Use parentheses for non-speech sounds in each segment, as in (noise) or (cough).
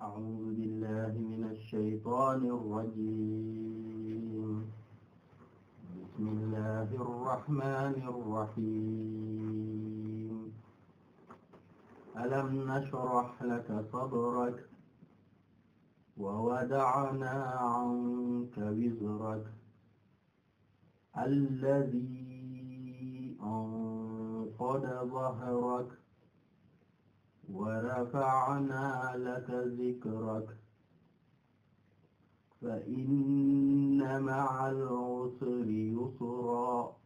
أعوذ بالله من الشيطان الرجيم بسم الله الرحمن الرحيم ألم نشرح لك صدرك ووضعنا عنك وزرك الذي أنقض ظهرك ورفعنا لك ذكرك فإن مع العسر يسرا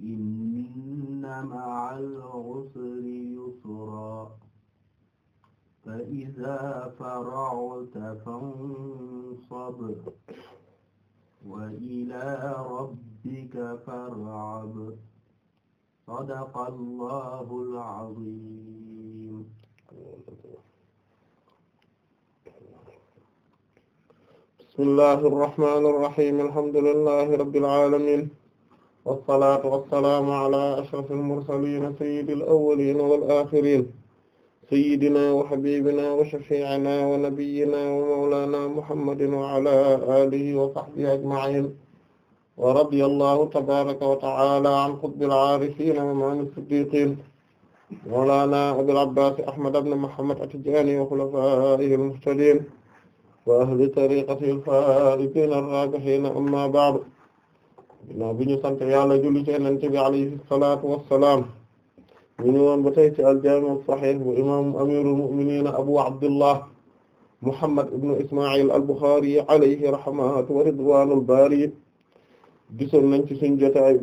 إن مع العسر يسرا فإذا فرغت فانصب وإلى ربك فارغب صدق الله العظيم bismillahi irrahmani irrahim alhamdulillahi rabbil alamin wassalatu wassalaamu ala ashraf almursalin sayyidi alawalin wal axirin sayyidina wa habibina wa shafi'ina wa nabiyyina wa mawlana muhammadin wa ala alihi wa sahbihi ajma'in wa radiyallahu tabaraka wa ta'ala an qutbil aarifin wa ma'an as-siddiqin mawlana Abul Abbas Ahmad ibn Muhammad at-Tijani wa khulafaa'ihi al-muhtadin wa ahli tariqatihi al-faa'izin ar-raabihin amma ba'du na bi ñu sant Yàlla julli ci Yonent bi alayhi salaatu wa salaam ñu ngi woon ba tey ci al-Jaami' as-Sahih bu imaamu amirul mu'minin Abu Abdullah Muhammad ibn Isma'il al-Bukhari alayhi rahmatu wa ridwaanul baari gisoon nañ ci suñ jotaay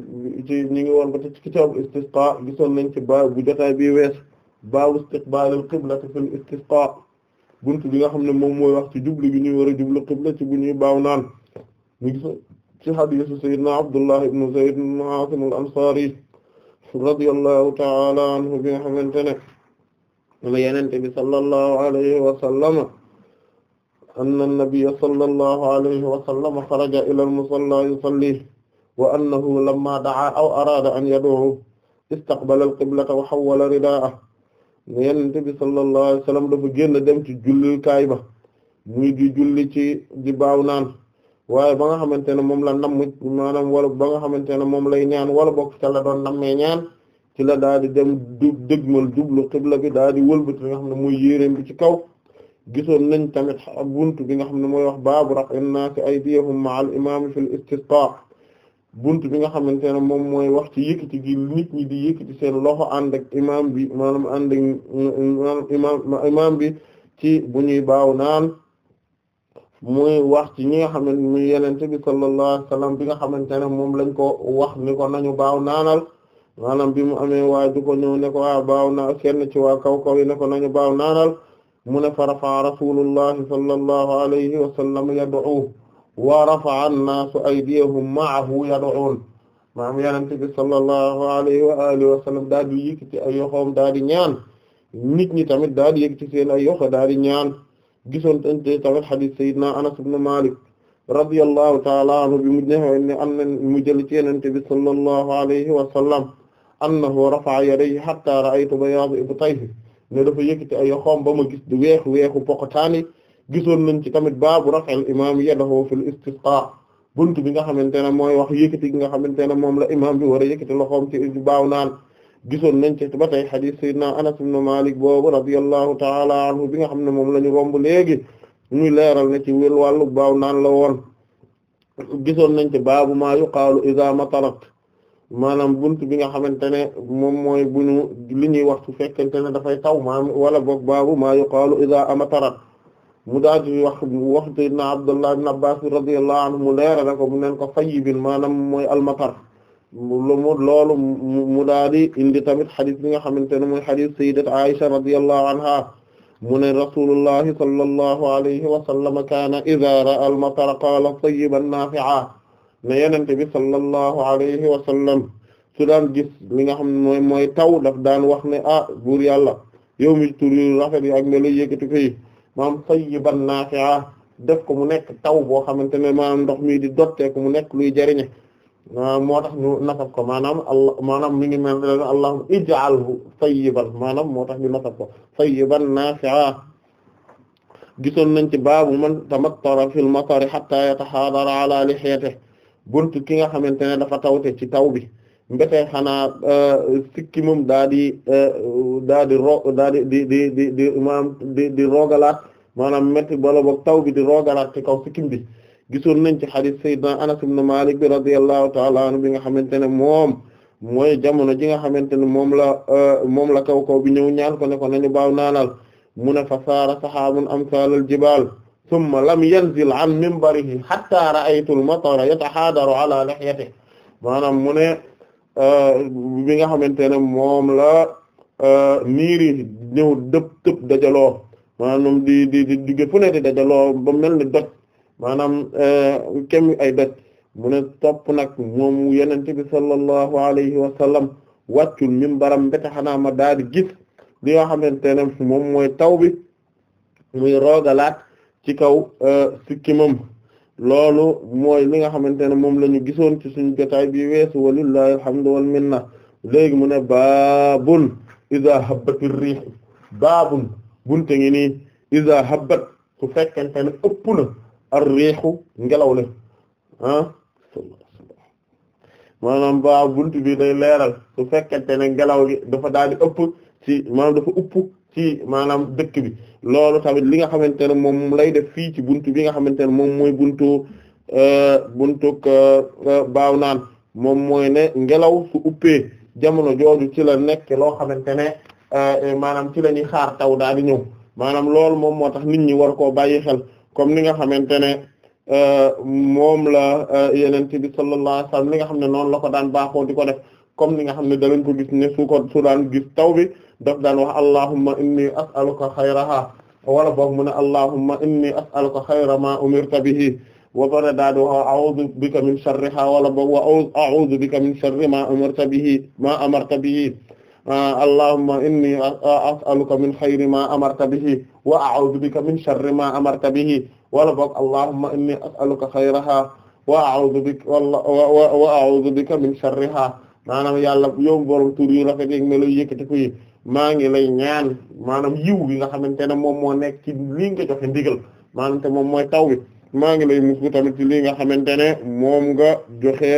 ci ñu ngi woon ba ci kitaabu istisqa gisoon nañ ci baab bu jotaay bi wees baabu istiqbaalul qiblati fil istisqa buntu bi nga xam ne moom mooy wax ci jublu gi ñuy war a jublu qibla ci bu ñuy baaw naan ñu gis ci hadiisu sayyidina Abdullah ibn Zayd ibn Aasim al-Ansaari radiyallahu ta'ala anhu bi nga xamante ne ma yenente bi sallallahu alayhi wa sallama anna an-nabiyya sallallahu alayhi wa sallama xaraja ila al-musalla yusalli wa annahu lamma da'a aw arada an yad'u istaqbala al-qiblata wa hawwala ridaa'a Yonent bi sallallahu alayhi wa sallam dafa génn dem ci jullikaay ba muy di julli ci di baaw naan waaye ba nga xamante ne moom la namm maanaam wala ba nga xamante ne moom lay ñaan wala bokk ca la doon nammee ñaan ci la daal di dem du dëgmal jublu xibla bi daal di wëlbati li nga xam ne muy yéreem bi ci kaw gisoon nañ tamit buntu bi nga xam ne mooy wax baabu raf'in naasi aydiyahum ma'al imaam fil istisqaa bunt bi nga xamante ne moom mooy wax ci yëkkati gi nit ñi di yëkkati seen loxo ànd ak imaam bi maanaam ànd ak imaam imaam bi ci bu ñuy baaw naan muy wax ci ñi nga xamante ne muy yenente bi sallallahu alayhi bi nga xamante ne moom lañ ko wax ni ko nañu baaw naanal maanaam bi mu amee waa ju ko ñëw ne ko waa ah, baaw ci waa kaw kaw yi ne ko nañu baaw naanal mu ne farafa rasulullahi sallallahu alayhi wasallam yad'u wa rafa'a an-naasu aydiyahum ma'ahu yad'uun maanaam yenente bi sallallahu alayhi wa alihi wa sallam daal di yëkkati ay yoxoom daal di ñaan nit ñi tamit daal di yëkkati seen ay yoxo daal di ñaan gisoon tante tamit hadith sayyidina Anas ibn Malik radiyallahu ta'ala anhu bi mu ñëwee ne am na mu jël ci yenente bi sallallahu alayhi wa sallam annahu rafa'a yadayhi hatta ra'aytu bayaad ibtayhi ne dafa yëkkati ay yoxoom ba ma gis di weexu weexu poqotaani gisoon nañ ci tamit baabu raf'il imaam yadahu fil istisqa bunt bi nga xamante ne mooy wax yëkkati gi nga xamante ne moom la imaam bi war a yëkkati loxoom ci baaw naan gisoon nañ ci ba tey xadiis sayyidina Anas ibn Malik boobu radiyallahu taala anhu bi nga xam ne moom la ñu romb léegi muy leeral na ci wél wàllu baaw naan la woon gisoon nañ ci baabu maa yuqaalu iza matarat maanaam bunt bi nga xamante ne moom mooy bu ñu li ñuy wax su fekkente ne dafay taw maam wala boog baabu maa yuqaalu iza amatarat mu daal di wax wax sayyidina Abdullah ibn Abbas radiyallahu anhu mu leerale ko mu neen ko fayyibin maanaam mooy almatar loolu mu daal di indi tamit xadis bi nga xamante ne mooy xadis sayyidat Aisha radiyallahu anha mu ne rasulullahi sallallahu alayhi wa sallam kaana idha ra'a almatar qaala tayyiban naafi'a ne yenente bi sallallahu alayhi wa sallam su daan gis li nga xam ne mooy mooy taw daf daan wax ne ah buur yàlla yow mi tur yu rafet yi maanaam tayyiban naafi'a def ko mu nekk taw boo xamante ne maanaam ndox mi di dotteeku mu nekk luy jariñe maanaam moo tax ñu nasab ko maanaam allah maanaam mi ngi mel ne allahumma ij'alhu tayyiban maanaam moo tax ñu nasab ko tayyiban naafi'a gisoon nañ ci baabu man tamattara fil matari hatta yatahaadara ala lihiyatihi buntu ki nga xamante ne dafa tawte ci taw bi mbete xanaa euh, sikki moom daa di euh, daa di ro daa di di di di di maanaam di roogalaat maanaam métti bala boog taw bi di roogalaat ci kaw sikkim bi gisoon nañ ci hadith sayyidina Anas ibn Malik bi radiyallahu ta'ala anhu bi nga xamante ne moom mooy jamono ji nga xamante ne moom la euh, moom la kaw kaw bi ñëw ñaan ko ne ko nañu baaw naanal mu ne fa saara sahaabun amsaalal jibaal thumma lam yanzil an minbarihi hatta ra'aytu al-matara yatahadaru ala lihyatihi maanaam mu Euh, bi nga xamante ne moom la euh, niiri ñëw dëpp tëpp dajaloo maanaam di di di digge fu ne di dajaloo ba mel ni doj maanaam euh, kem ay doj mu ne topp nag moom yeneen bi sallallahu alayhi wa sallam wàccul mimbaram mbéta xanaa ma daal di gis li nga xamante ne moom mooy taw bi muy roogalaat ci kaw sikkimam loolu mooy li nga xamante ne moom lañu gisoon ci suñu jotaay bi weesu walillahi alhamdu wal minna léegi mu ne baabun iza habbati riih baabun bunte ngi nii iza habbat su fekkente ne ëpp na ar riihu ngelaw le ah maanaam baa bunt bi day leeral su fekkente ne ngelaw gi dafa daal di ëpp ci maanaam dafa ëpp ci maanaam dëkk bi loolu tamit li nga xamante ne moom lay def fii ci buntu bi nga xamante ne moom mooy buntu euh, buntu euh, baaw naan moom mooy ne ngelaw su uppee jamono jooju ci la nekk loo xamante ne euh, maanaam ci la ñuy xaar taw daal di ñëw maanaam loolu moom moo tax nit ñi war koo bàyyi xel comme ni nga xamante ne moom la yeneen bi sallallahu alayhi wasallam li nga xam ne noonu la ko daan baaxoo di ko def comme ni nga xam ne dalañ ko gis ne su ko su daan gis taw bi daf daan wax allahumma inni as'aluka xayraha wala boog mu ne allahumma inni as'aluka xayra ma umirta bihi wa bana daa di wax a'udhu bika min sharriha wala boog wa a'udhu bika min sharri ma umirta bihi ma amarta bihi ah, allahumma inni as'aluka min xayri ma amarta bihi wa a'udhu bika min sharri ma amarta bihi wala boog allahumma inni as'aluka xayraha wa a'udhu bika wa a'udhu bika min sharriha maanaam yàlla yow borom tur yu rafet yeeg melo yëkkati ko yi maa ngi lay ñaan maanaam yiw bi nga xamante ne moom moo nekk ci lii nga joxe ndigal maanaam moom mooy taw bi maa ngi lay musu tamit ci lii nga xamante ne moom nga joxe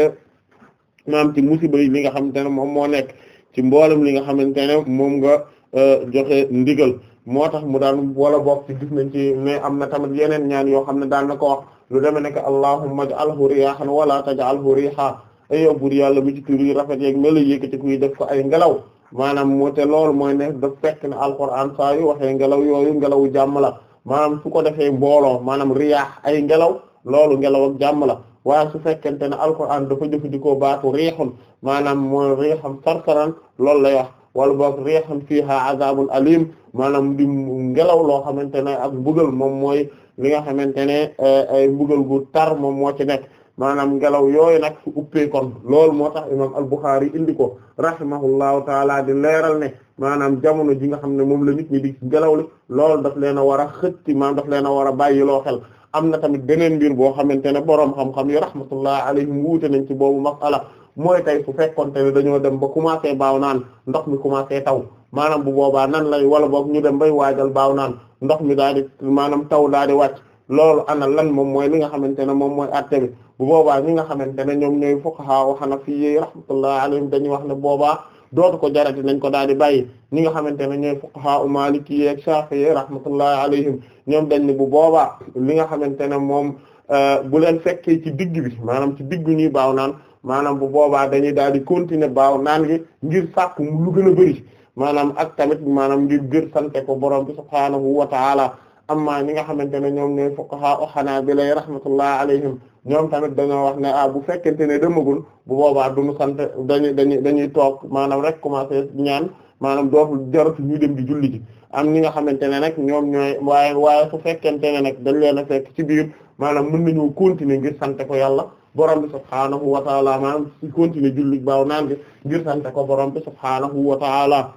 maanaam ci musiba yi li nga xamante ne moom moo nekk ci mboolem li nga xamante ne moom nga euh, joxe ndigal moo tax mu daan wala bokk ci gis nañ ci mais am na tamit yeneen ñaan yoo xam ne daan na ko wax lu demee nekk allahumma ij'alhu riyahan wala taj'alhu riha ay yow buur yàlla bi ci tur rafet yeeg melo yëkkati kuy def fa ay ngelaw maanaam moo te loolu mooy ne da fekk ne alquran saa yu waxee ngelaw yooyu ngelaw jàmm la maanaam su ko defee mbooloo maanaam riyaax ay ngelaw loolu ngelaw ak jàmm la waaye su fekkente ne alquran dafa jëfandikoo baatu riixun maanaam mooy riixam sarsaran loolu lay wax wala boog riixan fiiha azabun alim maanaam di ngelaw loo xamante ne ak mbugal moom mooy li nga xamante ne eh, ay mbugal gu tar moom moo ci nekk maanaam ngelaw yooyu nag su uppee loolu moo tax imam al-Bukhari indi ko rahimahullahu taala di leeral ne maanaam jamono ji nga xam ne moom la nit ñi di ngelaw li loolu daf leen a war a xëtti maanaam daf leen a war a bàyyiloo xel am na tamit beneen mbir boo xamante ne boroom xam-xam yi rahmatullah alayhim wuute nañ ci boobu masala mooy tey su fekkoon ne dañoo dem ba commencé baaw naan ndox mi commencé taw maanaam bu boobaa nan lay wala boog ñu dem bay waajal baaw naan ndox mi daal maanaam taw daal di wàcc loolu ana lan moom mooy li nga xamante ne moom mooy atte bi bu boobaa ñi nga xamante ne ñoom ñooy fuqaha wa hanafiyyi rahmatullah alayhim dañuy wax ne boobaa dootu ko jarati nañ ko daal di bàyyi ñi nga xamante ne ñooy fuqaha u maliki ak shafi'i rahmatullah alayhim ñoom dañ ne bu boobaa li nga xamante ne moom euh, bu leen fekkee ci digg bi maanaam ci diggu ñuy baaw naan maanaam bu boobaa dañuy daal di continuer baaw naan gi ngir sàkku lu bëri maanaam ak tamit maanaam ngir gër sante ko borom bi subhaanahu wa ta'ala amma ñi nga xamante ne ñoom ñooy fuqaha o xanaabila rahmatullah alayhim ñoom tamit dañoo wax ne ah bu fekkente ne demagul bu boobaa duñu sant dañuy dañuy dañuy toog maanaam rek commencé ñaan maanaam dootul jaratu ñu dem di julli ji am ñi nga xamante ne nag ñoom ñooy waaye waaye su fekkente ne nag dañ leen a fekk ci biir maanaam mën nañu continuer ngir sante ko yàlla borom bi subhaanahu wa taala maanaam si continuer julli baaw naan gi ngir sante ko borom bi subhaanahu wa taala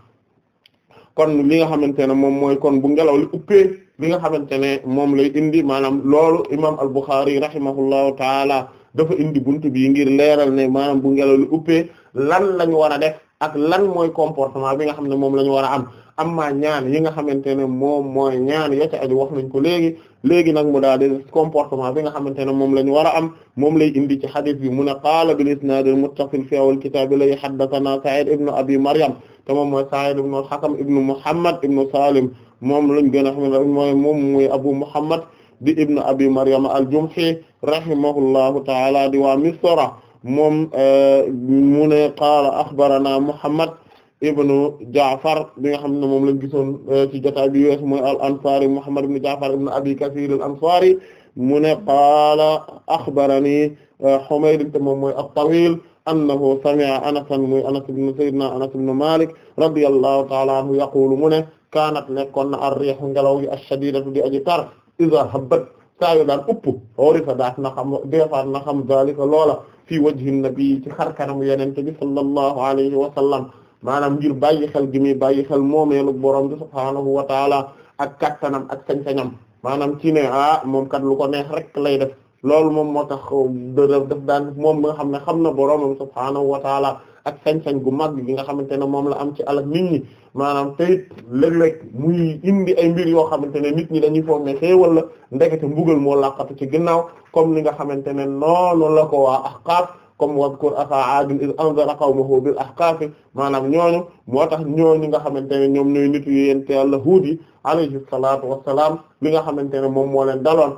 kon li nga xamante ne moom mooy kon bu ngelaw li uppee bi nga xamante ne moom lay indi maanaam loolu imaam al-Bukhari rahimahullahu taala dafa indi buntu bi ngir leeral ne maanaam bu ngelaw li uppee lan la ñu war a def ak lan mooy comportement bi nga xam ne moom la ñu war a am amma ñaan yi nga xamante ne moom mooy ñaan ya ca wax nañ ko léegi léegi nag mu daal comportement bi nga xamante ne moom la ñu war a am moom lay indi ci xadis bi mu ne qaala bil isnaad al muttasil fi awal kitaab lay haddathana Sa'id ibn Abi Maryam te moom mooy Sa'id ibn al-Hakam ibn Muhammad ibn Salim moom lañ gën a xam ne mooy moom mooy Abu Muhammad di ibn Abi Maryam al-Jumhi rahimahullahu ta'ala di waa Misra moom eh, mu ne qaala axbarana Muhammad ibnu Ja'far bi nga xam ne moom lañ gisoon eh, ci jotaay bi wees mooy al-Ansari Muhammad ibn Ja'far ibn Abi Kathir al-Ansari mu ne qaala axbarani eh, Humayd te moom mooy at-Tawil annahu sami'a anasan muy anas ibn sayyidina anas ibn malik radiyallahu ta'ala anhu yaqulu mu ne kaanat nekkoon na ar-rihu ngelaw gi ash-shadidatu di aji tar iza habbat saa yu daan upp orifa daat na xam deefaat na xam zalika loola fii wajhi nabi ci xar kanamu yenente bi sallallahu alayhi wa sallam maanaam ngir bàyyi xel gi muy bàyyi xel moomeelu borom bi subhaanahu wa taala ak kattanam ak sañ-sañam maanaam ci ne ah moom kat lu ko neex rek lay def loolu moom moo tax um, daf daan moom nga xam ne xam na boroomam subhaanahu wa taala ak sañ-sañ gu mag bi nga xamante ne moom la am ci alak nit ñi maanaam teyit léeg-léeg muy indi ay mbir yoo xamante ne nit ñi dañuy foog ne xéewal la ndekete mbugal moo laqatu ci ginnaaw comme li nga xamante ne noonu la ko waa ahqaaf comme wadkur afa aadin iz anzara qawmahu bil ahqaaf maanaam ñooñu moo tax ñooñu nga xamante ne ñoom ñooy nit yu yente yàlla huud yi alayhi salaatu wassalaam li nga xamante ne moom moo leen daloon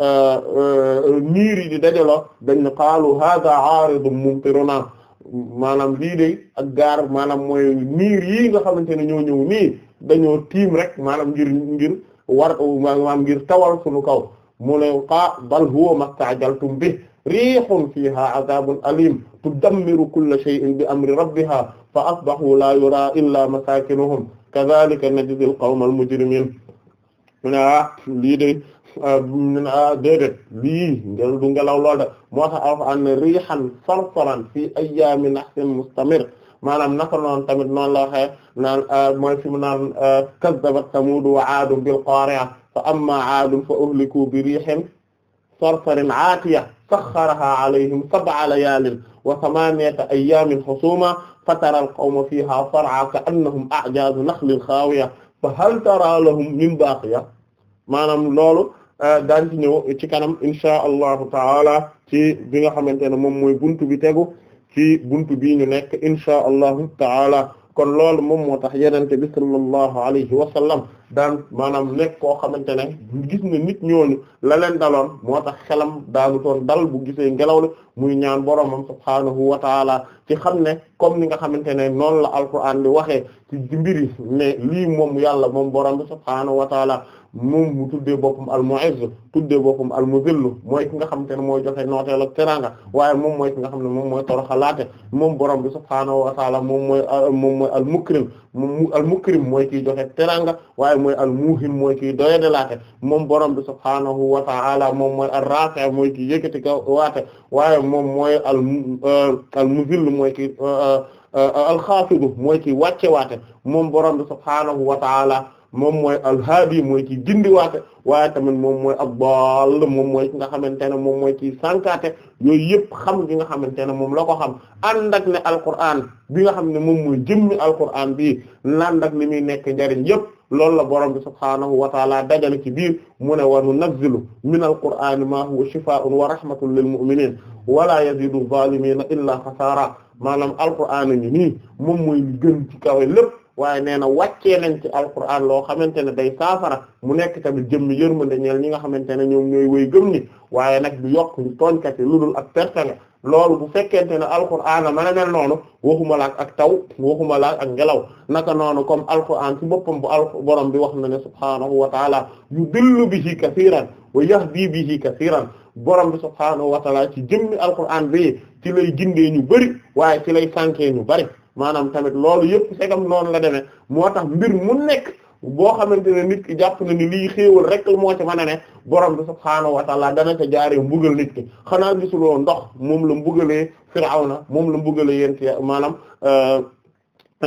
Euh, euh, niir yi di dajaloo dañ ne qaalu hadha aaridun mumtiruna maanaam lii de ak gaar maanaam mooy niir yi nga xamante ne ñoo ñëw nii dañoo tiim rek maanaam ngir ngir war maanaam ngir tawal suñu kaw mu ne qaa bal huwa mastajaltum bi riihun fiiha adabun alim tudammiru kulla shay'in bi amri rabbiha fa asbahu la yura illa masakinuhum kadhalika najzi al qawma al mujrimin mu ne ah lii de déedéet lii ngelaw du ngelaw lool de moo tax alquran ne rihan sarsaran fi ayyamin nahsin mustamir maanaam naka noonu tamit noonu la waxee naan euh, mooy fi mu naan euh, kazzabat samuud wa aadun bil qaari'a fa amma aadun fa uhliku bi rihin sarsarin aatiya saxxarahaa alayhim sab'a layaalin wa thamaaniyata ayyaamin husuuman fataral qawma fiihaa sar'aa ka'annahum a'jaazu naxlin xaawiya fa hal taraa lahum min baaqiya maanaam loolu Euh, daan ci ñëw ci kanam insha allahu taala ci bi nga xamante ne moom mooy buntu bi tegu ci buntu bii ñu nekk insha allahu taala kon loolu moom moo tax yenente bi sallallahu alayhi wa sallam daan maanaam nekk koo xamante ne gis na nit ñooñu la leen daloon moo tax xelam daanu toon dal bu gisee ngelaw la muy ñaan boromam subhaanahu wa taala ci xam ne comme ni nga xamante ne noonu la alquran di waxee ci mbiri ne lii moom yàlla moom borom subhaanahu wa moom mu tuddee boppam al-Mu'izz tuddee boppam al-Muzill mooy ki nga xamante ne mooy joxe nooteel ak teraanga waaye moom mooy ki nga xam ne moom mooy toroxalaate moom borom bi subhaanahu wa ta'ala moom mooy moom mooy al-Mukrim moom al-Mukrim mooy kiy joxe teraanga waaye mooy al-Muhin mooy kiy doyadelaate moom borom bi subhaanahu wa ta'ala moom mooy ar-Rafi' mooy kiy yëkkati ka waate waaye moom mooy al al-Muzill mooy kiy euh, euh, euh, al-Xaafid kiy wàcce waate moom borom bi subhaanahu wa ta'ala moom mooy alhaadi mooy kii gindiwaate waaye tamit moom mooy ad-daal moom mooy ki nga xamante ne moom mooy kii sànkaate yooyu yëpp xam gi nga xamante ne moom la ko xam ànd ak ne alquraan bi nga xam ne moom mooy jëmmi alquraan bi ànd ak li muy nekk njariñ yëpp loolu la borom bi subhaanahu wa taala dajale ci biir mu ne wa nunazzilu min alquraan maa huwa shifaa'un wa rahmatun lil mu'miniin wala yaziidu zaalimiina illaa xasaara maanaam alquraan a ngi nii moom mooy li gën ci kawe lépp waaye nee na wàccee nañ ci alquran loo xamante ne day saafara mu nekk tamit jëmmi yërmande ñeel ñi nga xamante ne ñoom ñooy woy gëm ni waaye nag du yokk tooñkat yi lu dul ak pertale loolu bu fekkente ne alquran la mën a mel noonu laak ak taw waxumala ak ngelaw naka noonu comme alquran ci boppam bu al borom bi wax na ne subhaanahu wa taala bi bihi kasiiran wa yahdi bihi kasiiran borom bi subhaanahu wa taala ci jëmmi alquran bi ci lay gindee ñu bari waaye ci lay sànkee ñu bari. maanaam tamit loolu yëpp segam noonu la demee moo tax mbir mu nekk boo xamante ne nit ki jàpp na lii xéewal rek moo ci mën a ne borom bi subhaanahu wa taala dana ca jaaree mbugal nit ki xanaa gisuloo ndox moom la mbugalee Firawna moom la mbugalee yent maanaam euh,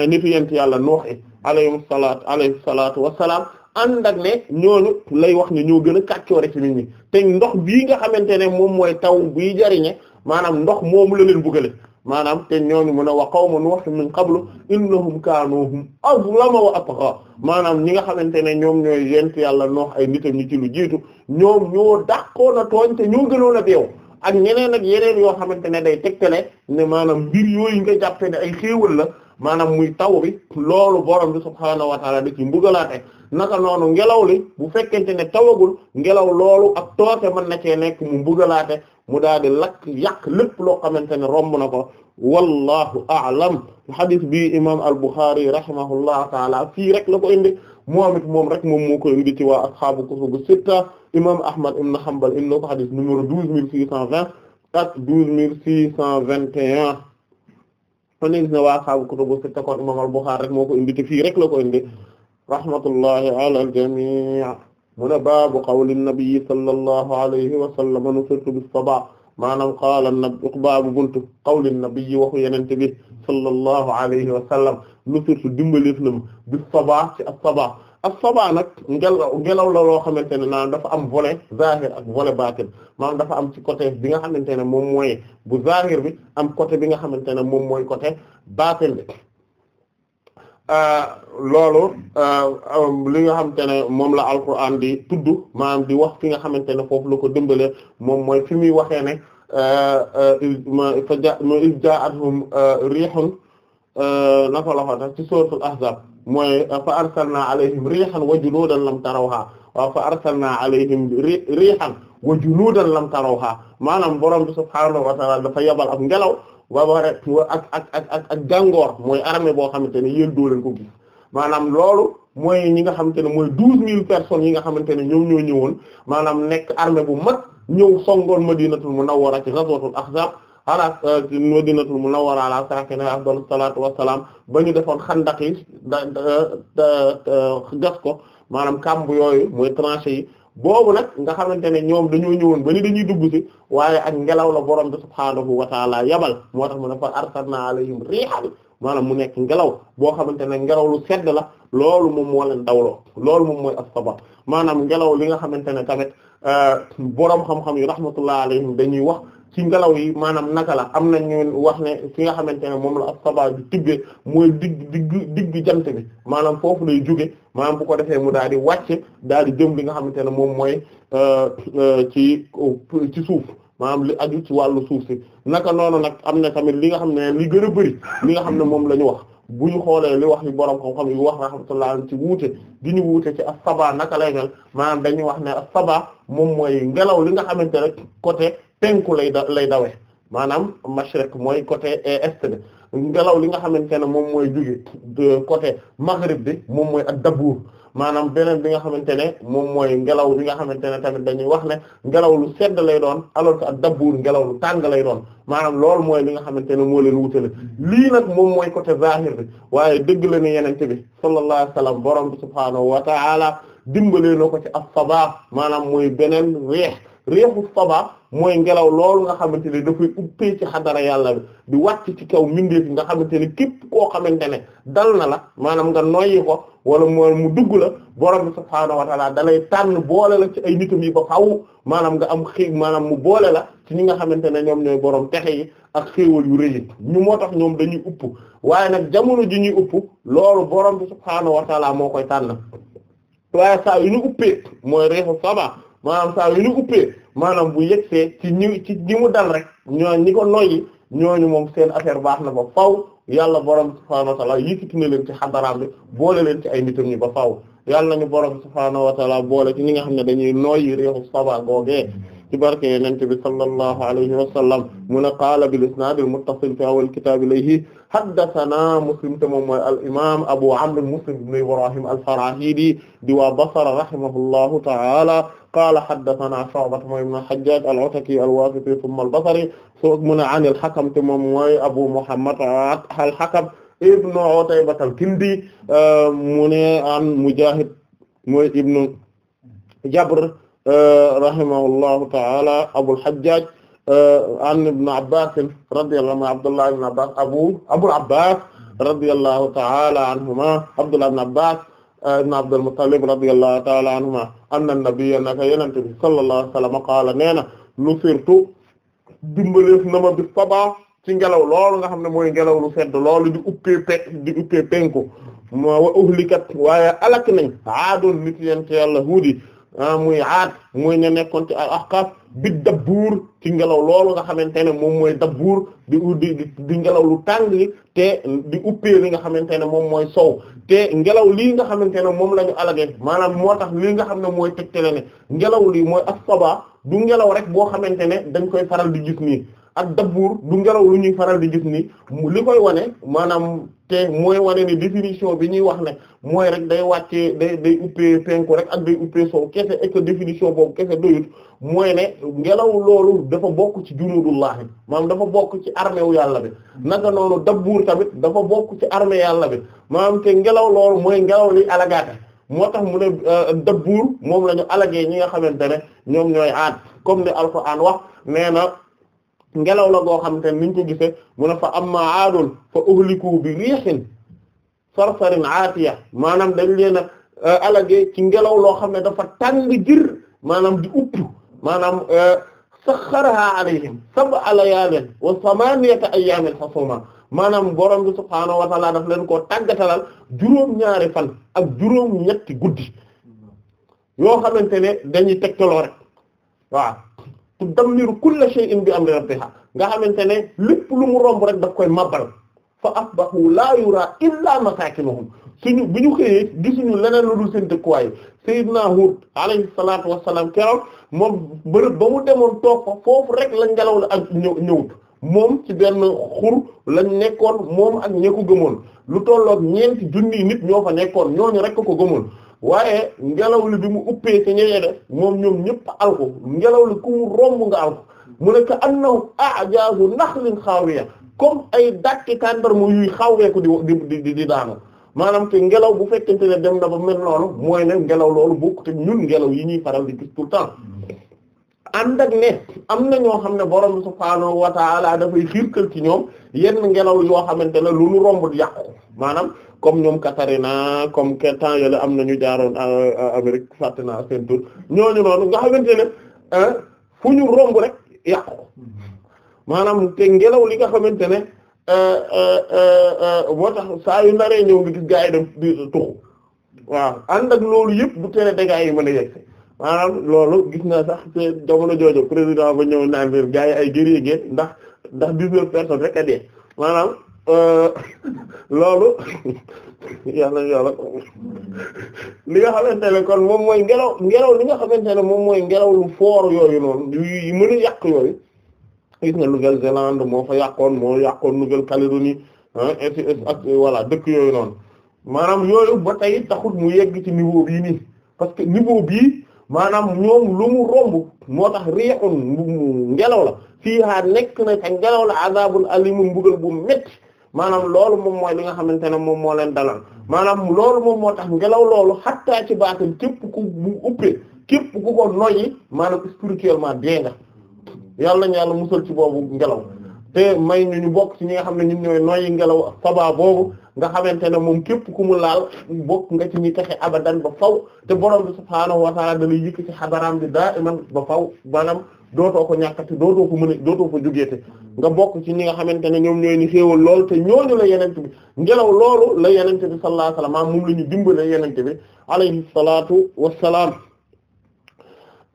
nitu yent yàlla Nuux i alayhi salaatu alayhi salaatu wassalaam ànd ak ne ñooñu lay wax ne ñoo gën a kàccoore ci nit te ndox bii nga xamante ne moom mooy taw buy jariñe maanaam ndox moomu la leen bugale maanaam te ñooñu mun a wa qawma nuuh min qablu innahum kaanu hum azlama wa atgha maanaam ñi nga xamante ne ñoom ñooy yent yàlla noox ay nitam ñi ci lu jiitu ñoom ñoo dàqoon a tooñ te ñoo gënoon a beew ak ñeneen ak yeneen yoo xamante ne day tegtale ne maanaam mbir yooyu nga jàppe ne ay xéewal la maanaam muy taw bi loolu borom bi subhaanahu wa taala da ci mbugalaate naka noonu ngelaw li bu fekkente ne tawagul ngelaw loolu ak tooke mën na cee nekk mu mu daal di lakk yàq lépp loo xamante ne romb na ko wallahu a'lam hadith bi imam al-Bukhari rahimahullah taala fii rek la ko indi moom it moom rek moom moo ko indi ci waa ashaabu kutubu sitta imam Ahmad ibn Hanbal indi na ko hadith numéro douze mille six cent vingt ak douze mille six cent vingt et un kon gis ne waa ashaabu kutubu sitta kon imam al-Bukhari rek moo ko indi te fii rek la ko indi rahmatullahi ala al-jami' mu ne baabu qawli nabii sallallahu alayhi wa sallam nusirtu bis sabaa maanaam qaala nabi baabu buntu qawli nabii waxu yenente bi sallallahu alayhi wa sallam nusirtu dimbalif na bis sabaa ci as-sabaa as-sabaa nag ngelaw ngelaw la loo xamante ne maanaam dafa am volet zahir ak volet baatin maanaam dafa am ci côté bi nga xamante ne moom mooy bu zahir bi am côté bi nga xamante ne moom mooy côté baatin bi Euh, loolu euh, um, li nga xamante ne moom la alquran di tudd maanaam di wax fi nga xamante ne foofu la ko dëmbalee moom mooy fi muy waxee ne euh, ma is ja'athum rihun naka la ko tax ci suratul ahzab mooy fa arsalna alayhim rihan wa juludan lam tarawha waaw fa arsalna alayhim rihan wa juludan lam tarawha maanaam borom bi subhaanahu wa dafa yabal ak ngelaw ba war ak ak ak ak ak mooy armée boo xamante ne yéen doo ko gis maanaam loolu mooy ñi nga xamante ne mooy douze mille personnes yi nga xamante ne ñoom ñoo ñëwoon maanaam nekk armée bu mag ñëw songoon Madinatul Munawwara ci ghazwatul Ahzab ala Madinatul Munawwara ala sakina afdalu salaatu wassalaam ba ñu defoon xandaq yi da gas ko maanaam kàmb yooyu mooy tranchées yi boobu nag nga xamante ne ñoom dañuy ñëwoon ba ni dañuy dugg ci waaye ak ngelaw la borom bi subhaanahu wa taala yabal moo tax mu ne fa arsalna alayhim maanaam mu nekk ngelaw boo xamante ne ngelaw lu sedd la loolu moom moo leen dawloo loolu moom mooy as-saba maanaam ngelaw li nga xamante ne tamit euh, borom xam-xam yi rahmatullah alayhim dañuy wax. ci ngelaw yi maanaam naka la am na ñu wax ne fi nga xamante ne moom la as-sabaa bi tibbee mooy digg digg digg jant bi maanaam foofu lay jóge maanaam bu ko defee mu daal di wàcce daal di jëm li nga xamante ne moom mooy euh, euh, ci ci suuf maanaam li aju ci wàllu suuf naka noonu nag am na tamit li nga xam ne li gën a nga xam ne moom la ñu wax bu ñu xoolee li wax yi borom xam-xam yi wax rahmatullah ci wuute di ñu wuute ci as-sabaa naka lay mel maanaam dañuy wax ne as-sabaa moom mooy ngelaw li nga xamante rek côté. penku lay da lay dawe maanaam mashriq mooy côté eh, est bi ngelaw li nga xamante ne moom mooy jóge côté maghrib bi moom mooy ak dabuur maanaam beneen bi nga xamante ne moom mooy ngelaw bi nga xamante ne tamit dañuy wax ne ngelaw lu sedd lay doon alors que ak dabuur ngelaw lu tàng lay doon maanaam loolu mooy li nga xamante ne moo leen wutale lii nag moom mooy côté zahir bi waaye dëgg la ne yenente ti sallallahu alayhi wa sallam borom bi subhaanahu wa ta'ala dimbalee na ko ci as-sabah maanaam mooy beneen reex réexu saba mooy ngelaw loolu nga xamante ne dafay uppee ci xadara yàlla bi di wàcc ci kaw mindeef nga xamante ne képp koo xamante ne dal na la maanaam nga noyyi ko wala mooy mu dugg la borom bi subhaanahu wa taala dalay tànn boole la ay nitam yi ko xaw maanaam nga am xii mu boole la ci ñi xamante ne ñoom ñooy borom texe yi ak xéewal yu rëy ñu moo tax ñoom dañuy upp waaye nag jamono ji ñuy upp loolu borom bi subhaanahu wa taala moo koy tànn waaye saa yu ñu uppee mooy réexu saba maanaam saa yu ñu uppee maanaam bu yegsee ci ñi ci ñi mu dal rek ñoo ko noyyi ñooñu moom seen affaire baax na ba faw yàlla borom subhaanahu wa taala yëkkati na leen ci xadaraam bi boole leen ci ay nitam ñi ba faw yàlla nañu borom subhaanahu wa taala boole ci ñi nga xam ne dañuy noyyi réexu saba googee ci barke yonent bi sallallahu alayhi wa sallam mu ne qaala bil isnaad al muttasil fi awwal kitaab ilayhi haddathana muslim te moom mooy al imaam abu amr muslim ibn ibrahim al farahidi di waa basra rahimahullahu taala qaala haddathana Shu'ba mooy ibn al-Hajjaj al-Ataki al-Wasiti thumma al-Basri soo mën a an al-Hakam te moom mooy Abu Muhammad al-Hakam ibn Utayba al-Kindi mu ne an Mujahid mooy ibn Jabr rahimahullahu ta'ala Abul Hajjaj an ibn Abbas radiyallahu anhu Abdullah ibn Abbas Abu Abul Abbas radiyallahu ta'ala anhuma Abdullah ibn Abbas ibn Abdul Muttalib radiyallahu ta'ala anhuma anna nabiyya naka bi sallallahu alayhi wa nee na nusirtu dimbaleef na ma bi sabaa ci ngelaw loolu nga xam ne mooy ngelaw lu sedd loolu di uppee pe di uppee ma wa uhlikat waaye alak nañ aadun nit yente yàlla huudi Ah, muy aat muy ña nekkoon ci al ahqaf bi dabbuur ci ngelaw loolu nga xamante ne moom mooy dabbuur di di di ngelaw lu tàng te di uppee li nga xamante ne moom mooy sow te ngelaw lii nga xamante ne moom la ñu alage maanaam moo tax lii nga xam ne mooy tegtale ne ngelaw lii mooy ak saba du ngelaw rek boo xamante ne dañ koy faral di gis nii ak dabbuur du ngelaw lu ñuy faral di gis ni li koy wane maanaam te mooy wane ni définition bi ñuy wax ne mooy rek day wàccee day day uppee penku rek ak day uppee sow kese et que boobu kese doyut mooy ne ngelaw loolu dafa bokk ci junuudullahi maanaam dafa bokk ci armée wu yàlla bi naka noonu dabbuur tamit dafa bokk ci armée yàlla bi maanaam te ngelaw loolu mooy ngelaw li alagaate moo tax mu ne euh, dabbuur moom lañu ñu alagee ñi nga xamante ne ñoom ñooy aat comme ngelaw la goo xamante ne niñ ko gisee mu ne fa amma aadun fa uhliku bi riihin sarsarin aatiya maanaam dañ leen a euh, alagee ngelaw loo xam ne dafa tàng jër maanaam di upp maanaam euh, saxaraha alayhim sab'a layaalin wa samaniyata ayaamin husuma maanaam borom bi subhaanahu wa ta'ala daf leen koo tàggatalal juróom-ñaari fan ak juróom-ñetti guddi yoo xamante ne dañuy tegtaloo rek tudammiru kulla shay'in bi amri rabbiha nga xamante ne lépp lu mu romb rek daf koy mabal fa asbahu la yura illa masakinuhum suñu bi ñu xëyee gisuñu leneen lu dul seen dëkkuwaay sayyidna Hud alayhi salaatu wassalaam keroog moom bërëb ba mu demoon toog fa foofu rek la ngelaw la ak ñëw ñëwut moom ci benn xur lañ nekkoon moom ak ña ko gëmoon lu tolloog ñeenti junni nit ñoo fa nekkoon ñooñu rek ko ko gëmoon waaye ngelaw li bi mu uppee ca ñeñe def moom ñoom ñëpp alko ngelaw li ku romb nga alko mu nekk ah ka annahu a'jazu naxlin xaawiya comme ay dàkki tàndarma yuy xaweeku di di di di daanu maanaam te ngelaw bu fekkente ne dem na ba mel noonu mooy ne ngelaw loolu bokk te ñun ngelaw yi ñuy faral di gis tout le ak ne am na ñoo xam ne borom subhaanahu wa ta'ala dafay xiirtal ci ñoom yenn ngelaw yoo xamante ne lu nu romb di yàqu maanaam comme ñoom Katarina comme que temps yële am na ñu jaaroon Amérique fàtte naa seen tur ñooñu noonu nga xamante ne fu ñu romb rek yàqu maanaam te ngelaw li nga xamante ne euh, euh, euh, moo tax saa yu naree ñëw ngi gis gaa yi dem di tuxu waaw ànd ak loolu yëpp bu tere dégâts yi mën loolu gis naa sax te jamono jooju président ba ñëw naan gaa yi ay gërëgër ndax ndax dix-neuf rek a dee maanaam. Euh, loolu yàlla yàlla li nga xamante ne kon moom mooy ngelaw ngelaw li nga xamante ne moom mooy ngelaw lu foor yooyu noonu yi mën a yàq yooyu gis nga Nouvelle-Zélande moo fa yàqoon moo yàqoon Nouvelle-Calédonie ak voilà dëkk yooyu noonu maanaam yooyu ba tey taxut mu yegg ci niveau bii nii parce que niveau bii maanaam ñoom lu mu romb moo tax réexoon ngelaw la fii xaar nekk na ca ngelaw la azabul alim mbugal bu metti maanaam loolu moom mooy li nga xamante ne moom moo leen dalal maanaam loolu moom moo tax ngelaw loolu xattaa ci baatin képp ku mu uppee képp ku ko noyyi maanaam spirituellement dee nga yàlla ñu yàlla musal ci boobu ngelaw te may ñu ñu bokk ci ñi nga xam ne ñun ñooy noyyi ngelaw faba boobu nga xamante ne moom képp ku mu laal bokk nga ci ñi texe abadan ba faw te borom bi subhaanahu wa ta'ala da ci xabaraam bi daa iman ba faw maanaam dootoo ko ñàkkati dootoo ko mën a dootoo ko nga bokk ci ñi nga xamante ne ñoom ñooy ni xéewal lool te ñooñu la yenente bi ngelaw loolu la yenente bi sallallahu alayhi wasallam moom la ñu dimbale yenente bi alayhi salaatu wassalaam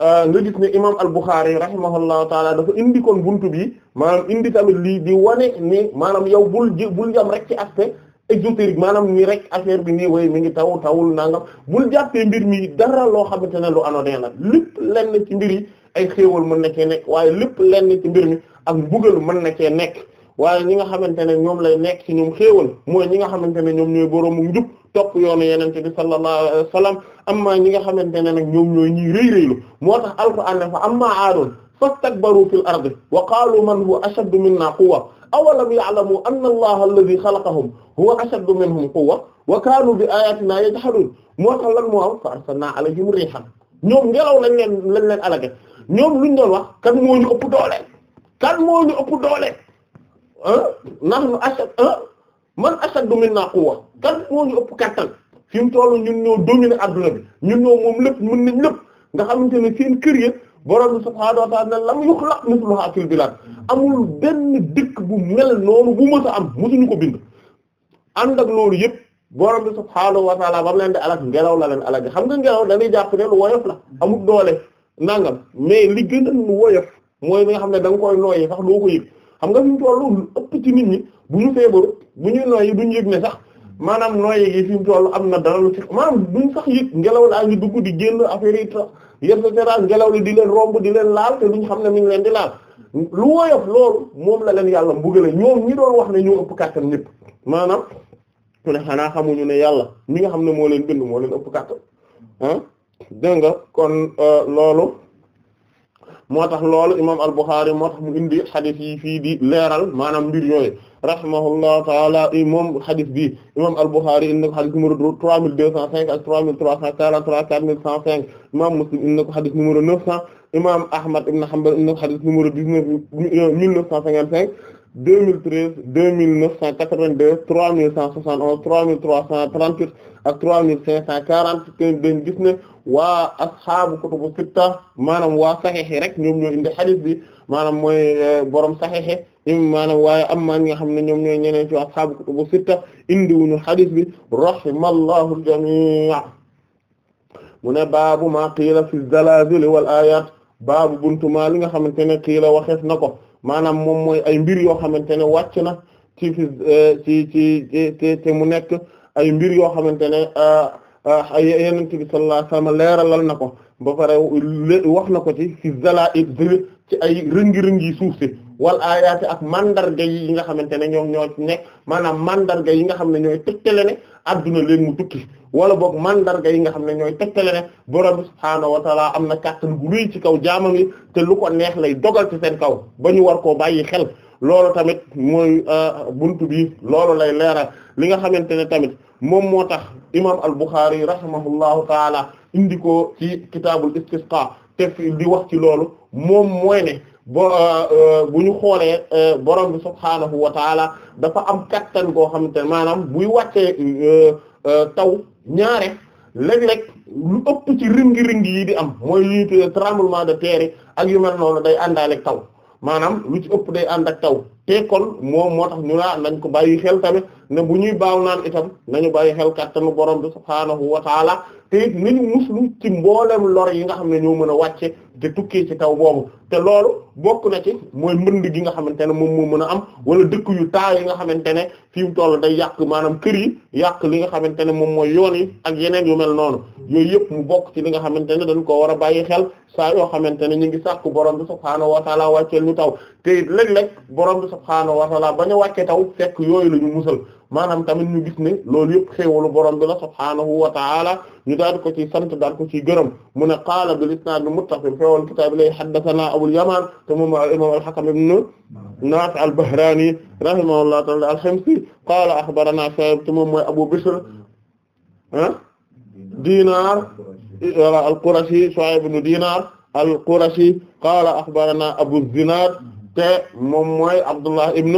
euh, nga gis ne imam al-Bukhari rahimahullahu taala dafa indi kon buntu bi maanaam indi tamit lii di wane ne maanaam yow bul bul jam rek ci aspect exotérique maanaam ni rek affaire bi nii way mi ngi tawu tawul nangam bul jàppee mbir mi dara loo xamante ne lu anodin la lépp lenn ci mbir yi ay xéewal mën na ke nekk waaye lépp lenn ci mbir mi ak mbugal mën na cee nekk waaye ñi nga xamante ne ñoom lay nekk ci ñoom xéewal mooy ñi nga xamante ne ñoom ñooy boroomu njub topp yoonu yenente bi sallallahu alayhi wa sallam amma ñi nga xamante ne nag ñoom ñooy ñiy rëy rëylu moo tax alquran ne fa amma aadun fastakbaru fil ardi wa qaalu man huwa ashaddu minna quwwa awalam ya'lamu anna allaha alladhi khalaqahum huwa ashaddu minhum quwwa wa kaanu bi ayatina yajhadun moo tax lan moo am fa arsalna alayhim rihan ñoom ngelaw lañ leen lañ leen alage ñoom luñ doon wax kan moo ñu ëpp doole kan moo ñu ëpp doole ah nahnu ashad ah man ashaddu minna quwwa kan moo ñu ëpp kattan fi mu toll ñun ñoo ne adduna bi ñun ñoo moom lépp mën nañ lépp nga xamante ne seen kër yi borom subhaanahu wa ta'aala lam yuxlaq misluhaa fil bilaad amul benn dëkk bu mel noonu bu mës am am ñu ko bind ànd ak loolu yëpp borom subhaanahu wa ta'aala ba mu leen di alak ngelaw la leen alak xam nga ngelaw dañuy jàpp ne lu woyof la amul doole. nangam mais li gën a woyof mooy li nga xam ne da nga koy nooyi sax doo ko yëg xam nga fi mu toll ëpp ci nit ñi bu ñu feebaru bu ñuy nooyi duñ yëg ne sax maanaam nooyi gi fi mu am na dara lu ci maanaam duñ sax yëg ngelaw laa ngi di génn affaire yi et cetera ngelaw li di leen romb di leen laal te duñ xam ne mi ngi leen di laal lu woyof loolu moom la leen yàlla mbugale ñoom ñi doon wax ne ñoo ëpp kàttan ñépp maanaam mu ne xanaa xamuñu ne yàlla mi nga xam ne moo leen bind moo leen ëpp kàttan ah dégg nga kon euh, loolu moo tax loolu imaam al-Bukhari moo tax mu indi xadis yi fii di leeral maanaam mbir yooyu taala moom xadis bi imaam al-Bukhari indi na ko xadis numéro trois mille deux cent cinq ak trois mille trois cent cinq imaam Muslim indi na ko xadis numéro neuf cent imaam Ahmad ibn Hanbal indi na ko xadis numéro neuf cent cinquante-cinq 2013 2982 3171 3338 ak 3540 kenn den gis ne waa asxaabu kutubu sitta maanaam waa saxiix rek ñoom ñoo indi xadis bi maanaam mooy eh, borom saxiix im maanaam waaye amma ñi nga xam ne ñoom ñooy ñeneen ci asxaabu kutubu sitta indiwuñu xadis bi rahimallahu al-jamii' mu ne baabu ma qiila fi zalaazil wal aayaat baabu buntu ma li nga xamante ne qiila waxees na ko maanaam moom mooy ay mbir yoo xamante ne wàcc na ci fi euh, ci ci ci te mu nekk ay mbir yoo xamante ne euh, euh, yenente bi sallallahu alayhi wasallam leeralal na ko ba pare wax na ko ci fi zala'id ci ay rëngi-rëngi suuf si wal ayaati ak mandarga yi nga xamante ne ñoom ñoo nekk maanaam mandarga yi nga xam ne ñooy tëkkale ne adduna leen mu tukki wala boog mandarga yi nga xam ne ñooy tegtale ne borom subhaanahu wa taala am na kattan bu rëy ci kaw jaamam yi te lu ko neex lay dogal ci seen kaw ba ñu war koo bàyyi xel loolu tamit mooy euh, buntu bi loolu lay leeral li nga xamante ne tamit moom moo tax imaam al-Bukhari rahimahullahu taala indi ko ci kitaabul istisqa te fi di wax ci loolu moom mooy ne euh, euh, bu ñu xoolee borom bi subhaanahu wa taala dafa am kattan goo xamante ne maanaam buy wàccee Euh, taw ñaare léeg-léeg lu ëpp ci ringi ringi yi di am mooy li ñuy euh, tuddee tremblement de terre ak yu mel noonu day àndaaleeg taw maanaam lu ci ëpp day ànd ak taw te kon moom moo tax ñu naa nañ ko bàyyi xel tamit ne bu ñuy baaw naan itam nañu bàyyi xel kattanu borom bi subhaanahu wa taala te it nañu muslu ci mboolem lor yi nga xam ne ñoo mën a wàcce te tukkee ci taw boobu te loolu bokk na ci mooy mbënd gi nga xamante ne moom moo mën a am wala dëkk yu taa yi nga xamante ne fi mu toll day yàq maanaam kër yi yàq li nga xamante ne moom mooy yoon yi ak yeneen yu mel noonu yooyu yëpp mu bokk ci li nga xamante ne dañ ko war a bàyyi xel saa yoo xamante ne ñu ngi sàkku borom bi subhaanahu wa taala wàcceel ñu taw te it léeg-léeg borom bi subhaanahu wa taala bañ a wàcce taw fekk yooyu la ñu musal maanaam tamit ñu gis ne loolu yëpp xéewalu la bi la subhaanahu wa taala ñu daal ko ciy sant daal ko ciy gërëm mu ne qaala bil isnaad al muttasil feewal kitaab lay haddasanaa abul yamaan te moom al imaam al hakam ibn naafi' al bahraani rahimahullahu taala al himsi qaala axbaranaa Shu'ayb te moom mooy abu bishr ah dinaar wala al-Qurashi Shu'ayb ibn Dinar al-Qurashi qaala akhbarana Abu Zinad te moom mooy Abdullah ibn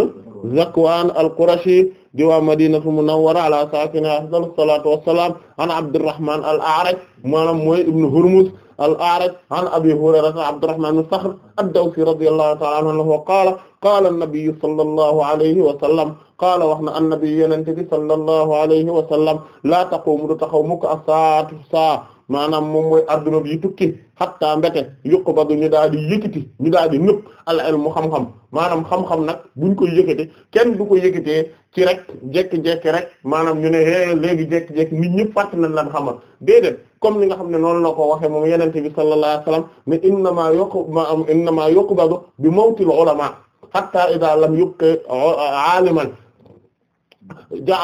Zakwan al-Qurashi di waa Madinatu Munawwara ala saakinihaa afdalu salaatu wa salaam an Abdurrahman al-A'raj maanaam mooy ibn Hurmuz al-A'raj an Abi Hurayrata Abdurrahman ibn Sakhr ad-Dawsi radiyallahu ta'ala anhu qaala qaala an-nabiyyu sallallahu alayhi wa sallam qaala wax na an-nabiyyu yonent bi sallallahu alayhi wa sallam laa taquumu du taxaw mukk as-saa'atu saa maanaam moom mooy adduna bi tukki xatta mbete yuqbadu ñu daal di yëkkati ñu daal di nëpp al ilmu xam-xam maanaam xam-xam nag buñ koy yëkkate kenn du ko yëkkatee ci rek jekki-jekki rek maanaam ñu ne é léegi jekki-jekki nit ñëpp fàtt nañ lan xamal déedéet comme ni nga xam ne noonu la ko waxee moom yenente bi sallallahu alayhi wasallam ne innama yuqma innama yuqbadu bi mawtil ulama hatta idha lam yubqi aliman ja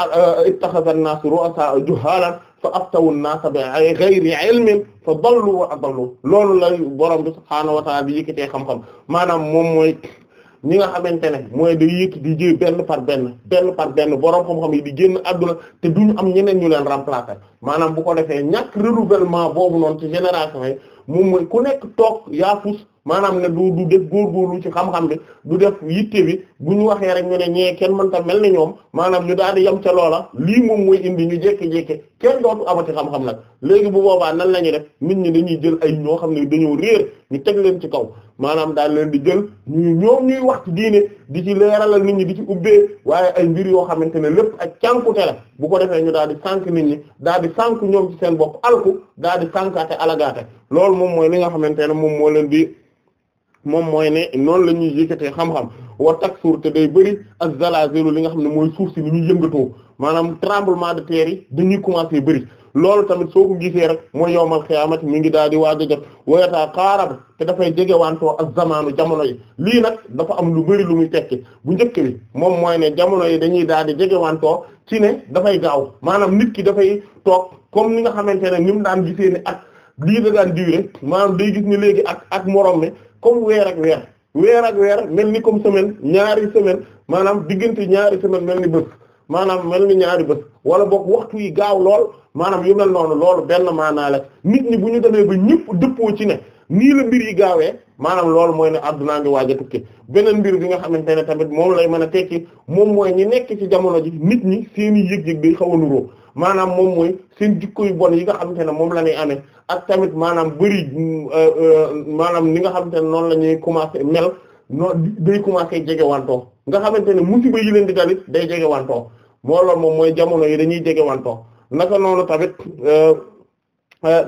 ittakhadha an-nas ru'asa juhalan fa aftawu naasa bi ghayri ilmin fa dallu wa adallu loolu la borom bi subhaanahu wa ta'ala di yëkkatee xam-xam maanaam moom mooy ñi nga xamante ne mooy day yëkk di jëy benn par benn benn par benn borom xam-xam yi di génn adduna te du ñu am ñeneen ñu leen remplacer maanaam bu ko defee ñàkk renouvellement boobu noonu ci génération yi moom mooy ku nekk toog yaafus maanaam ne du du góor góorgóorlu ci xam-xam bi du def yitte bi bu ñu waxee rek ñu ne ñee kenn mënta mel ne ñoom maanaam ñu daal di yem ca loola lii moom mooy indi ñu jékki-jékki kenn dootu amati xam-xam nag léegi bu boobaa nan la ñuy def nit ñi dañuy jël ay ñoo xam ne dañoo réer ñu teg leen ci kaw maanaam daal leen di jël ñu ñoom ñuy wax ci diine di ci leeralal nit ñi di ci ubbee waaye ay mbir yoo xamante ne lépp ak cànkute la bu ko defee ñu daal di sànk nit ñi daal di sànk ñoom ci seen bopp alku daal di sànkaate alagaate loolu moom mooy li nga xamante ne moom moo leen di moom mooy ne noonu la ñuy yëkkatee xam-xam wa taksur te day bëri ak zalazelu li nga xam ne mooy suuf si ni ñuy yëngatoo maanaam tremblement de terre yi dañuy commencer bëri loolu tamit soo ko gisee rek mooy yowmal xiyaamati mi ngi daal di waaj a jot woyataa xaarab te dafay jegewantoo ak zamaanu jamono yi lii nag dafa am lu bëri lu muy tekki bu njëkk bi moom mooy ne jamono yi dañuy daal di jegewantoo ci ne dafay gaaw maanaam nit ki dafay toog kom ni nga xamante ne ni mu daan gisee ne ak lii da maanaam day gis ni léegi ak ak morom mi comme weer ak weer weer ak weer mel ni comme semaine ñaari semaine maanaam diggante ñaari semaine mel ni bés maanaam mel ni ñaari bés wala boog waxtu yi gaaw lool maanaam yu mel noonu loolu benn maanaa nit ñi bu ñu demee ba ñëpp dëppoo ci ne nii la mbir yi gaawee maanaam loolu mooy ne àddunaa ngi waaj a tukki beneen mbir bi nga xamante ne tamit moom lay mën a tekki moom mooy ñi nekk ci jamono ji nit ñi seeni yëg-yëg day xaw a nuroo maanaam moom mooy seen jikko yu bon yi nga xamante ne moom la ñuy amee ak tamit maanaam bëri euh, euh, maanaam ni nga xamante ne noonu la ñuy commencé mel noonu day commencé jege wantoo nga xamante ne mu musiba yi leen di dalit day jege wantoo moo loolu moom mooy jamono yi dañuy jege wantoo naka noonu tamit euh,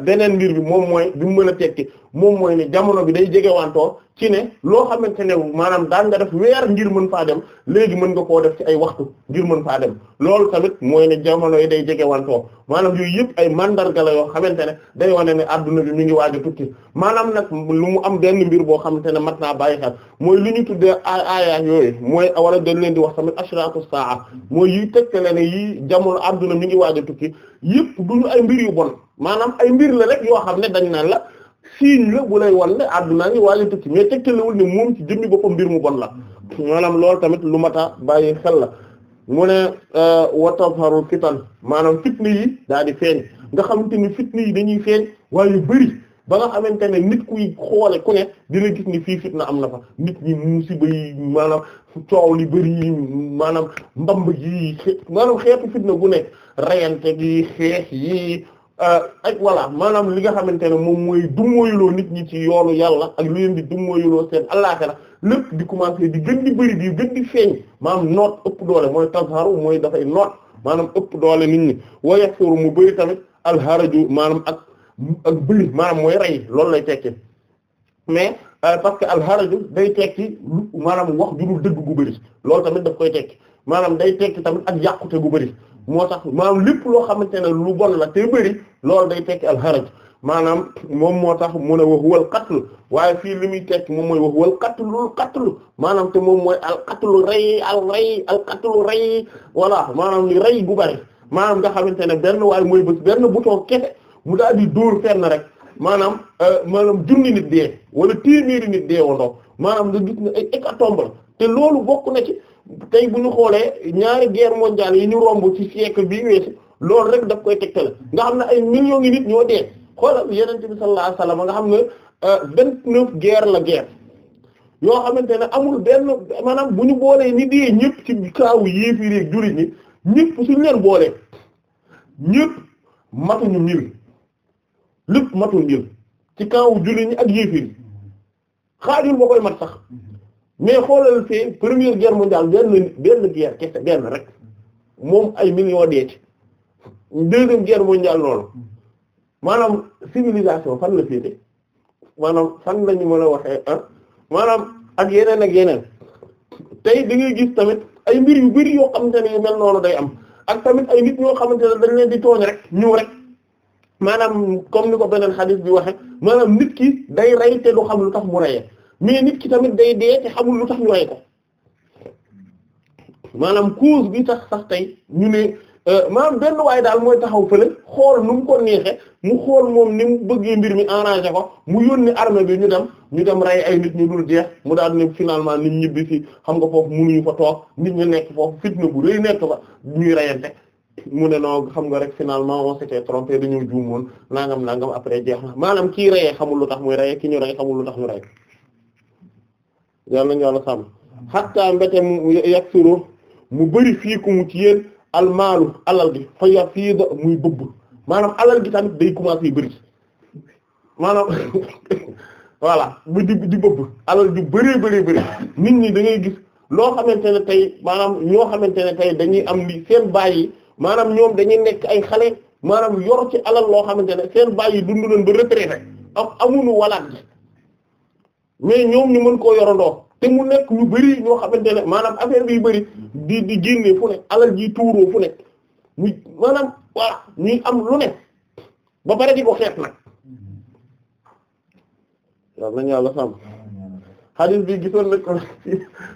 beneen mbir bi moom mooy bi mu mën a tekki moom mooy ne jamono bi day jege wantoo ci ne loo xamante ne maanaam daan nga def weer ngir mën faa dem léegi mën nga koo def ci ay waxtu ngir mën faa dem loolu tamit mooy ne jamono yi day jege wantoo maanaam yooyu yëpp ay mandarga la yoo xamante ne day wane ne adduna bi mi ngi waaj maanaam nag lu mu am benn mbir boo xamante ne mat naa bàyyi xel mooy li ñu tuddee aaya yooyu mooy wala dañ leen di wax tamit ashratu saa mooy yiy tegtale ne yi jamono adduna mi ngi waaj a tukki yëpp duñu ay mbir yu bon maanaam ay mbir la rek yoo xam ne dañ naan la signe la bu lay wan ne àdduna ngi waaj a tukki mais ne moom ci jëmmi boppam mbir mu bon la maanaam loolu tamit lu mata a bàyyi xel la mu ne euh, watazharu fitan maanaam fitna yi daal di nga xamante ni fitna yi dañuy feeñ waaye bëri ba nga xamante ne nit kuy xoole ku ne dina gis ni fii fitna am na fa nit ñi musiba yi maanaam coow li bëri maanaam mbamb yi maanaam xeetu fitna gu nekk rayante gi xeex Euh, ak voilà maanaam li nga xamante ne moom mooy dummóoyuloo nit ñi ci yoonu yàlla ak li leen di dummóoyuloo seen àllaxira lépp di commencer di gën di bëri di gën di feeñ maanaam noot ëpp doole mooy tasharu mooy dafay noot maanaam ëpp doole nit ñi wa yasuru mu bëri tamit alharaju maanaam ak ak bëli maanaam mooy rey loolu lay tekki mais euh, parce que alharaju day tekki maanaam wax ju dul dëgg gu bëri loolu tamit daf koy tekki maanaam day tekki tamit ak yàqute gu bëri moo tax maanaam lépp loo xamante ne lu bon la te bëri loolu day tekki al haraj maanaam moom moo tax mu ne wa huwal qatl waaye fii li muy tekki moom mooy wa huwal qatlul qatl maanaam te moom mooy al qatlu rey al rey al qatlu rey walaa maanaam li rey gu bari maanaam nga xamante ne benn waaye mooy bés benn bouton kese mu daal di dóor fenn rek maanaam euh, maanaam junni nit dee wala téeméeri ni dee wandoo maanaam nga gis ne ay hécatombe te loolu bokk na ci tey bu ñu xoolee ñaari guerre mondiale yi ñu romb ci siècle bii weesu loolu rek daf koy tegtale nga xam ne ay millions ngi nit ñoo dee xoolal yeneen bi sallallahu alayhi wasallam nga xam ne euh, vingt-neuf la guerre yoo xamante ne amul benn maanaam bu ñu boolee ni dee ñëpp ci kaawu yéefiri ak jullit ñi ñëpp leen boolee ñëpp matuñu mil lépp matul mil ci kaawu jullit ñi ak yéefiri xaajul ba koy mat sax mais xoolal fee première guerre mondiale benn benn guerre kese moom ay millions dee ci deuxième guerre mondiale loolu maanaam civilisation fan la féete maanaam fan lañu mën a waxee ah maanaam ak yeneen ak yeneen tey ngay gis tamit ay mbir yu bari yoo xamante ne yu mel day am ak tamit ay nit ñoo xamante ne dañ leen di tooñ rek ñëw maanaam comme ni ko beneen xadiis bi waxe maanaam nit ki day rey te du xam lu tax mu reyee mais nit ki tamit day dee te xamul lu tax ñu rey ko maanaam cause bi tax sax tey ñu ne euh, maanaam benn waay daal mooy taxaw fële xool nu mu ko neexe mu xool moom ni mu bëggee mbir mi arrangé ko mu yónni armée bi ñu dem ñu dem rey ay nit ñu dul jeex mu daal ne finalement nit ñibbi fi xam nga foofu mënuñu fa toog nit ñu nekk foofu fitna bu rëy nekk fa ñuy reyante mu ne noo xam nga rek finalement on s'était trompé dañoo juumoon nangam nangam après jeex na maanaam kii reyee xamul lu tax muy reyee ki ñu rey xamul lu tax ñu rey yal nañu yàlla sàmm xatta mbete mu yaksuro mu bëri fii ku ci yéen almaalu alal gi fa ya fii muy bëbb maanaam alal gi tamit day commencé bëri maanaam (laughs) voilà bu di di bëbb alal ju bëree bëree bëri nit ñi da ngay gis loo xamante ne tey maanaam ñoo xamante ne tey dañuy am li seen baay yi maanaam ñoom dañuy nekk ay xale maanaam yor ci alal loo xamante ne seen baay yi dund nañ ba retraité ak amuñu walaat gi mais ñoom ñu mën koo yorandoo te mu nekk ñu bari ñoo xamante ne maanaam affaire bi bari di di génne fu nekk alal ji tuuroo fu ne muy maanaam voilà ñuy am lu nekk ba pare di ko xeet nag yal nañu yàlla sàmm hadith bi gisoon na ko ci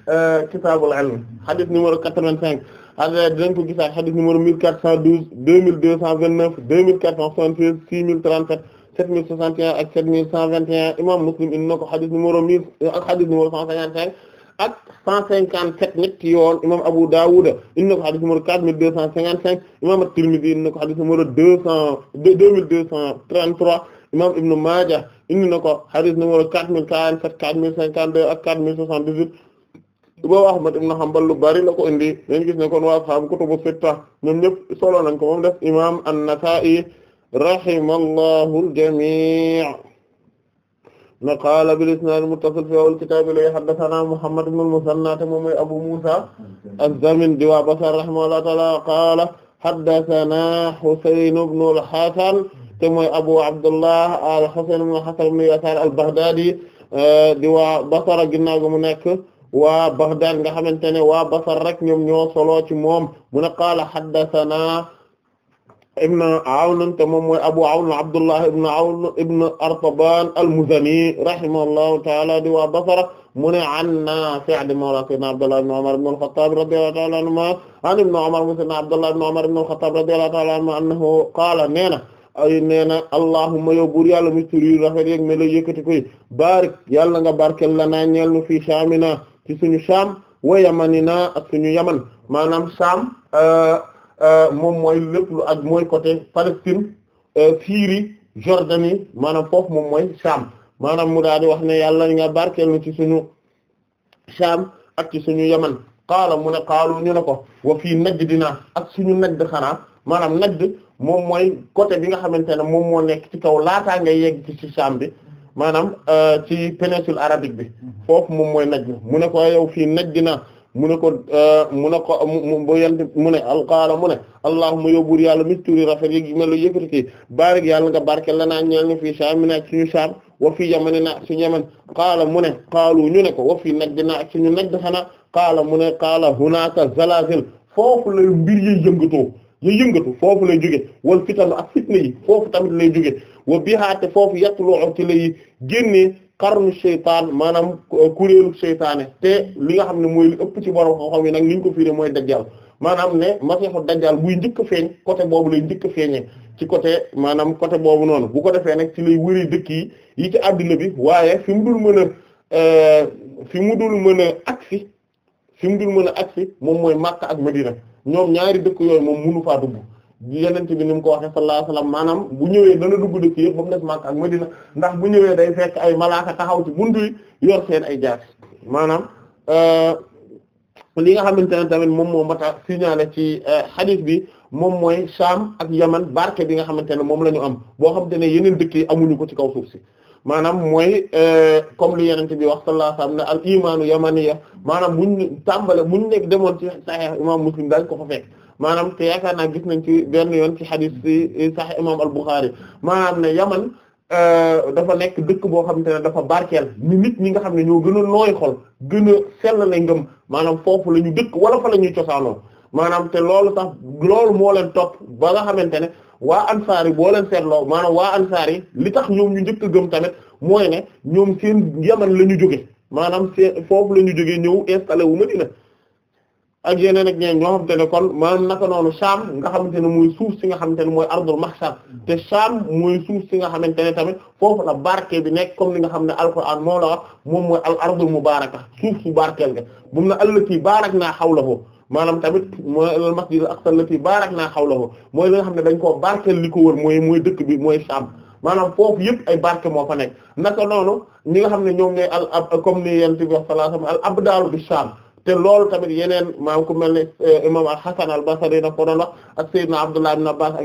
euh, kitaabul ilm hadith numéro quatre-vingt-cinq hadith dinañ ko gisaat hadith numéro mille quatre cent douze deux mille deux cent vingt-neuf deux mille quatre cent soixante-seize six mille trente 7061 ak 7121 imam Muslim indi na ko xadis numéro 1000 ak xadis numéro 155 ak 157 ñetti yoon imam Abu Dawud indi na ko xadis numéro 4255 imam At-Tirmidhi indi na ko xadis numéro 200 2233 imam Ibn Maaja indi na ko xadis numéro 4047 4052 ak 4078 boobu Ahmad ibn Hanbal lu bari la ko indi dañu gis ne kon waa xam kutubu sitta ñoom ñëpp solo nañ ko moom def rahimallahu al-jamii' na qaala bil-isnaad al-muttasil fi awwal kitaab li haddathanaa Muhammad ibn al-Musanna te moom mooy Abu Muusaa az-Zamin wa Basra rahimahullahu ta'aala qaala haddathanaa Husayn ibn al-Hasan te mooy Abu Abdullah al-Husayn ibn al-Hasan ibn Yasaar al-Baghdaadi di waa Basra ginnaaw ga mu nekk waa Baghdaad nga xamante ne waa Basra rek ñoom ñoo solo ci moom mu ne qaala haddathanaa ibn Awn te moom mooy Abu Awn Abdullah ibn Awn ibn Artaban al-Muzani rahimahullahu ta'ala di waa Basra mu ne an Naafi' di mawla sayyidina Abdullah ibn Umar ibn al-Khattab radiyallahu ta'ala anhuma an ibn Umar mu sayyidina Abdullah ibn Umar ibn al-Khattab radiyallahu ta'ala anhuma annahu qaala nee na ay nee na allahumma yow buur yàlla mi tur yu rafet yeeg me la yëkkati koy barik yàlla nga barkel la naa ñeel nu fii Shaamina ci suñu Shaam wa Yamanina ak suñu Yaman maanaam Shaam euh, Euh, moom mooy lépp lu ak mooy côté Palestine euh, Syrie Jordanie maanaam foofu moom mooy Sham maanaam mu daal wax ne yàlla nga barkeel na ci suñu Sham ak ci suñu Yaman qaala mu ne qaalu ñu ne ko wa fii dina ak suñu Najd xanaa maanaam Najd moom mooy côté bi nga xamante ne moom moo nekk ci kaw laataa ngay yegg ci ci Sham bi maanaam euh, ci péninsule arabique bi mm-hmm. foofu moom mooy Najd mu ne ko yow fii Najdina Euh, mu ne ko mu ne ko mu yente mu ne alqaala mu ne allahumma yow buur yàlla misturi rafet yi mel yëkkati kii baarik yàlla nga barke lanaa ñeel ñu fii saamina ak suñu saam wa fii yamanina ak suñu yaman qaala mu ne ñu ne ko wa fii najdina ak suñu najd xanaa qaala mu ne qaala hunaaka zalazil foofu lay mbir yi yëngatoo yi yëngatu foofu lay jóge wal fitan ak fitna yi foofu tamit lay jóge wa bihaate foofu yatluu ci lay génnee xarnu seytaan maanaam euh, kuréelu seytaane te li nga xam ne mooy li ëpp ci borom xam-xam yi nag li ñu ko fiire mooy dajjal maanaam ne masiixu dajjal buy njëkk a feeñ côté boobu lay njëkk a ci côté maanaam côté boobu noonu bu ko defee nag ci lay wëri dëkk yi yi ci àddina bi waaye fi mu dul mën a euh, fi mu dul mën a agsi fi mu dul mën a agsi moom mooy Makka ak Madina ñoom ñaari dëkk yooyu moom munu faa dugg yenent bi ni mu ko waxee sallallahu alayhi wasallam maanaam bu ñëwee dana dugg dëkk yëpp ba mu des Makka ak Madina ndax bu ñëwee day fekk ay malaaka taxaw ci buntu yi yor seen ay jaas maanaam euh, li nga xamante ne tamit moom moo mata signalé ci euh, hadith bi moom mooy Sham ak Yaman barke bi nga xamante ne moom la ñu am boo xamante ne yeneen dëkk yi amuñu ko ci kaw suuf si maanaam mooy euh, comme li yenente bi wax sallallahu alayhi wasallam ne al imaanu yamaniya maanaam buñ tàmbale buñ nekk demoon ci Sahih imam Muslim dañ ko fa fekk maanaam te yaakaar naa gis nañ ci benn yoon ci xadis sax Sahih imam al-Bukhari maanaam ne yaman euh, dafa nekk dëkk boo xamante ne dafa barkeel ni nit ñi nga xam ne ñoo gën a nooy xol gën a sell la ngëm maanaam foofu la ñu dëkk wala fa la ñuy cosaanoo maanaam te loolu tax loolu moo leen topp ba nga xamante ne waa ansaar boo leen seetloo maanaam waa ansaar li tax ñoom ñu njëkk a gëm tamit mooy ne ñoom seen yaman la ñu jóge maanaam foofu la ñu jóge ñëw installé wu ak yeneen ak ñeen ñoo xamante ne kon maanaam naka noonu Sham nga xamante ne mooy suuf si nga xamante ne mooy ardul mahshar mm-hmm. te Sham mooy suuf si nga xamante ne tamit foofu la barke bi nekk comme li nga xam ne alquran moom la wax moom mooy al ardul mubaraka suuf su barkeel nga moom na allati barakna hawlahu maanaam tamit mooy al masjid al aqsa allati barakna hawlahu mooy li nga xam ne dañ koo barkeel li ko wër mooy mooy dëkk bi mooy Sham maanaam foofu yëpp ay barke moo fa nekk naka noonu ñi nga xam ne ñoom ne al comme ni yent bi sallallahu alayhi wasallam al abdalu bi Sham te loolu tamit yeneen maam ku mel ne eh, imam al-Hasan al-Basri daf ko doon wax ak Seydina Abdullah ibn Abbas ak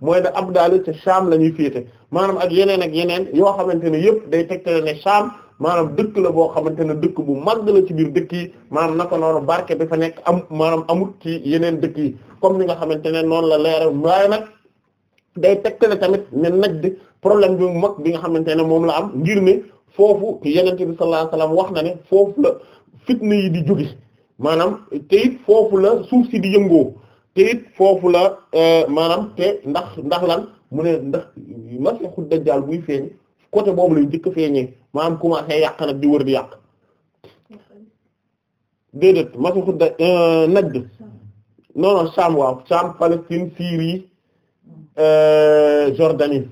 mooy ne Abdal ci Sham la ñuy féete maanaam ak yeneen ak yeneen yoo xamante ne yëpp day tegtale ne Sham maanaam dëkk la boo xamante ne dëkk bu mag la ci biir dëkk yi maanaam naka noonu barke bi fa nekk am maanaam amut ci yeneen dëkk yi comme ni nga xamante ne noonu la leeral waaye nag day tegtale tamit ne Najd problème bi mu mag bi nga xamante ne moom la am ngir ne foofu yeneen bi sallallahu wax na ne foofu la. fitna yi di jóge maanaam te foofu la suuf si di yëngoo te foofu la euh, maanaam te ndax ndax lan mu ne ndax masiixu dajjaal buy feeñ côté boobu lay njëkk a feeñee maanaam commencé yàq nag di wër di yàq déedéet masiixu da euh, naj non non Sham waaw Sham Palestine Syrie euh, Jordanie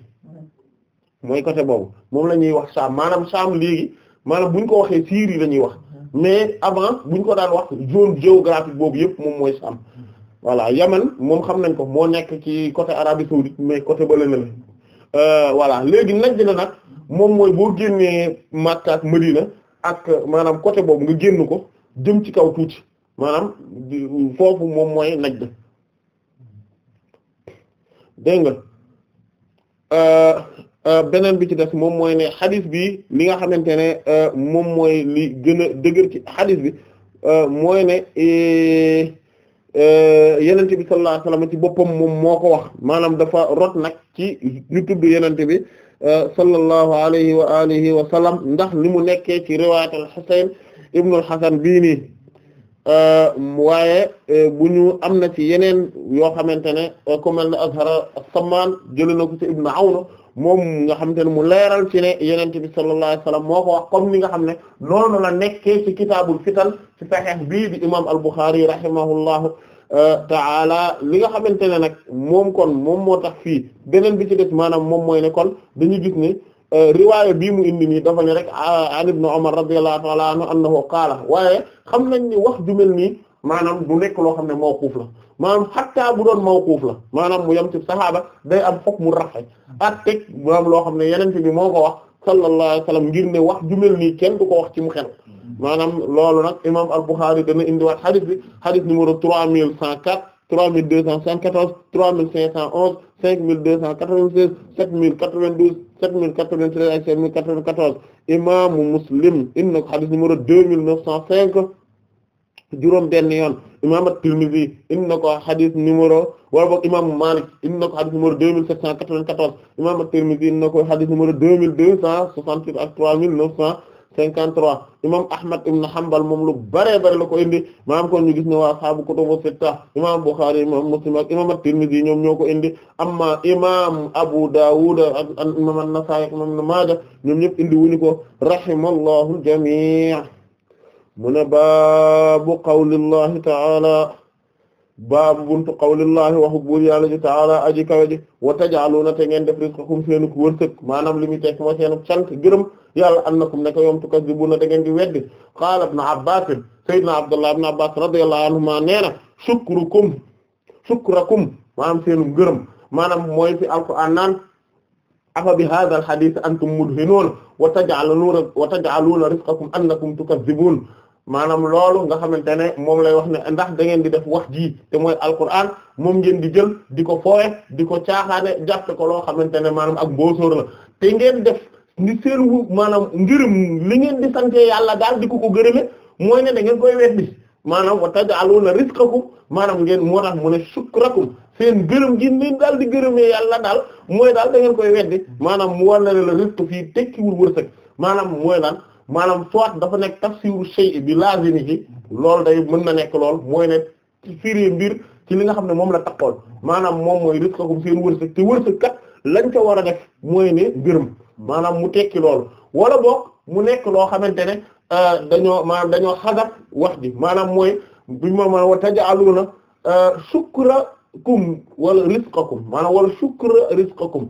mooy côté boobu moom la ñuy wax Sham maanaam Sham léegi maanaam bu ñu ko waxee Syrie la ñuy wax mais avant buñ ko daan wax zone géographique boobu yëpp moom mooy Sham voilà Yaman moom xam nañ ko moo nekk ci côté Arabie saoudite mais côté ba lëna la euh, voilà léegi naj la nag moom mooy boo génnee Makka ak Medina ak maanaam côté boobu nga génn ko jëm ci kaw tuuti maanaam foofu moom mooy naj la dégg nga euh, Euh, beneen bi ci des moom mooy ne xadis bi li nga xamante ne euh, moom mooy li gën a dëgër ci xadis bi euh, mooy ne yenente bi sallallahu alayhi wasallam ci boppam moom moo ko wax maanaam dafa nag ci ñu tudd yenente bi sallallahu alayhi wa alihi wa sallam ndax li mu nekkee ci riwaayat al-Husayn ibn al-Hasan bii nii waaye bu ñu am na ci yeneen yoo xamante ne ku mel ne Azhar as-Samman ko ci Ibn Awn moom nga xam te ne mu leeral ci ne yenente bi sallallahu alayhi moo ko wax comme ni nga xam ne noonu la nekkee ci kitaabul fitan ci sahih bii di imam al-Bukhari rahimahullahu euh, taala li nga xamante ne nag moom kon moom moo tax fii beneen bi ci def maanaam moom mooy ne kon dañu gis ne euh, riwaaya bii mu indi nii dafa ne rek euh, an ibn Umar radiyallahu taala anhu annahu qaala waaye xam nañ ni wax jumel nii maanaam du nekk loo xam ne mawquf la maanaam xattaa bu doon mawquuf la maanaam mu yem ci saxaaba day am foog mu rafet ak teg maanaam loo xam ne yenente bi moo ko wax sallallahu alayhi wa sallam ngir ne wax jumel nii kenn du ko wax ci mu xel maanaam loolu nag imam al-Bukhari dana indiwaat hadith bi hadith numéro trois mille cent quatre trois mille deux cent soixante-quatorze trois mille cinq cent onze cinq mille deux cent quatre-vingt-seize sept mille quatre-vingt-douze sept mille quatre-vingt-treize ak sept mille quatre-vingt-quatorze numéro deux mille juróom benn yoon imam at-Tirmidhi indi na ko hadith numéro wala boog imam Malik indi na ko hadith numéro 2794 imam at-Tirmidhi indi na ko hadith numéro 2268 ak ko indi maanaam kon ñu gis ne waa ashaabu kutubu sitta imam Bukhari imam Muslim ak imam at-Tirmidhi ñoom ñoo ko indi amma imam Abu Dawud ak imam an-Nasa'i imam Ibn Maaja ñoom ñëpp ko rahimallahu al mu ne baabu qawlillahi ta'ala baabu buntu qawlillahi waxu buur yàlla ji ta'ala aji kawe ji wa taj'aluna te ngeen def rizqakum seenu wërsëg maanaam li muy tekk mooy seenu cant gërëm yàlla annakum ne ko yom tukazzibuna te ngeen di weddi qaala ibn Abbaas sayyidna Abdullah ibn Abbaas radiyallahu anhuma nee na shukrukum shukrakum maanaam seenu gërëm maanaam mooy fi alquraan naan afa bi haadha al-hadiis antum mudhinuun wa taj'aluuna wa taj'aluuna rizqakum annakum tukazzibun maanaam loolu nga xamante ne moom lay wax ne ndax da ngeen di def wax jii te mooy alquran moom ngeen di jël di ko fooye di ko caaxaane jàppe ko loo xamante ne maanaam ak mboosóor la te ngeen def ni seen wu maanaam ngërëm li ngeen di sante yàlla daal di ko ko gërëme mooy ne da ngeen koy weddi maanaam wa taj'aluna rizqakum maanaam ngeen moo tax mu ne shukrakum seen gërëm gi ni daal di gërëmee yàlla daal mooy daal da ngeen koy weddi maanaam mu war na ne la rizq fii tekkiwul wërsëg maanaam mooy lan maanaam soit dafa nekk tafsiru shay bi lazimi ji loolu day mën na nekk lool mooy ne firi mbir ci li nga xam ne moom la takkool maanaam moom mooy rizqakum seen wërsëg te wërsëg kat lañ ca war a def mooy ne gërëm maanaam mu tekki loolu wala boog mu nekk loo xamante ne euh, dañoo maanaam dañoo xadaf wax ji maanaam mooy buñu ma ma wa taj'aluna euh, sukra kum wala rizqakum maanaam wala sukra rizqakum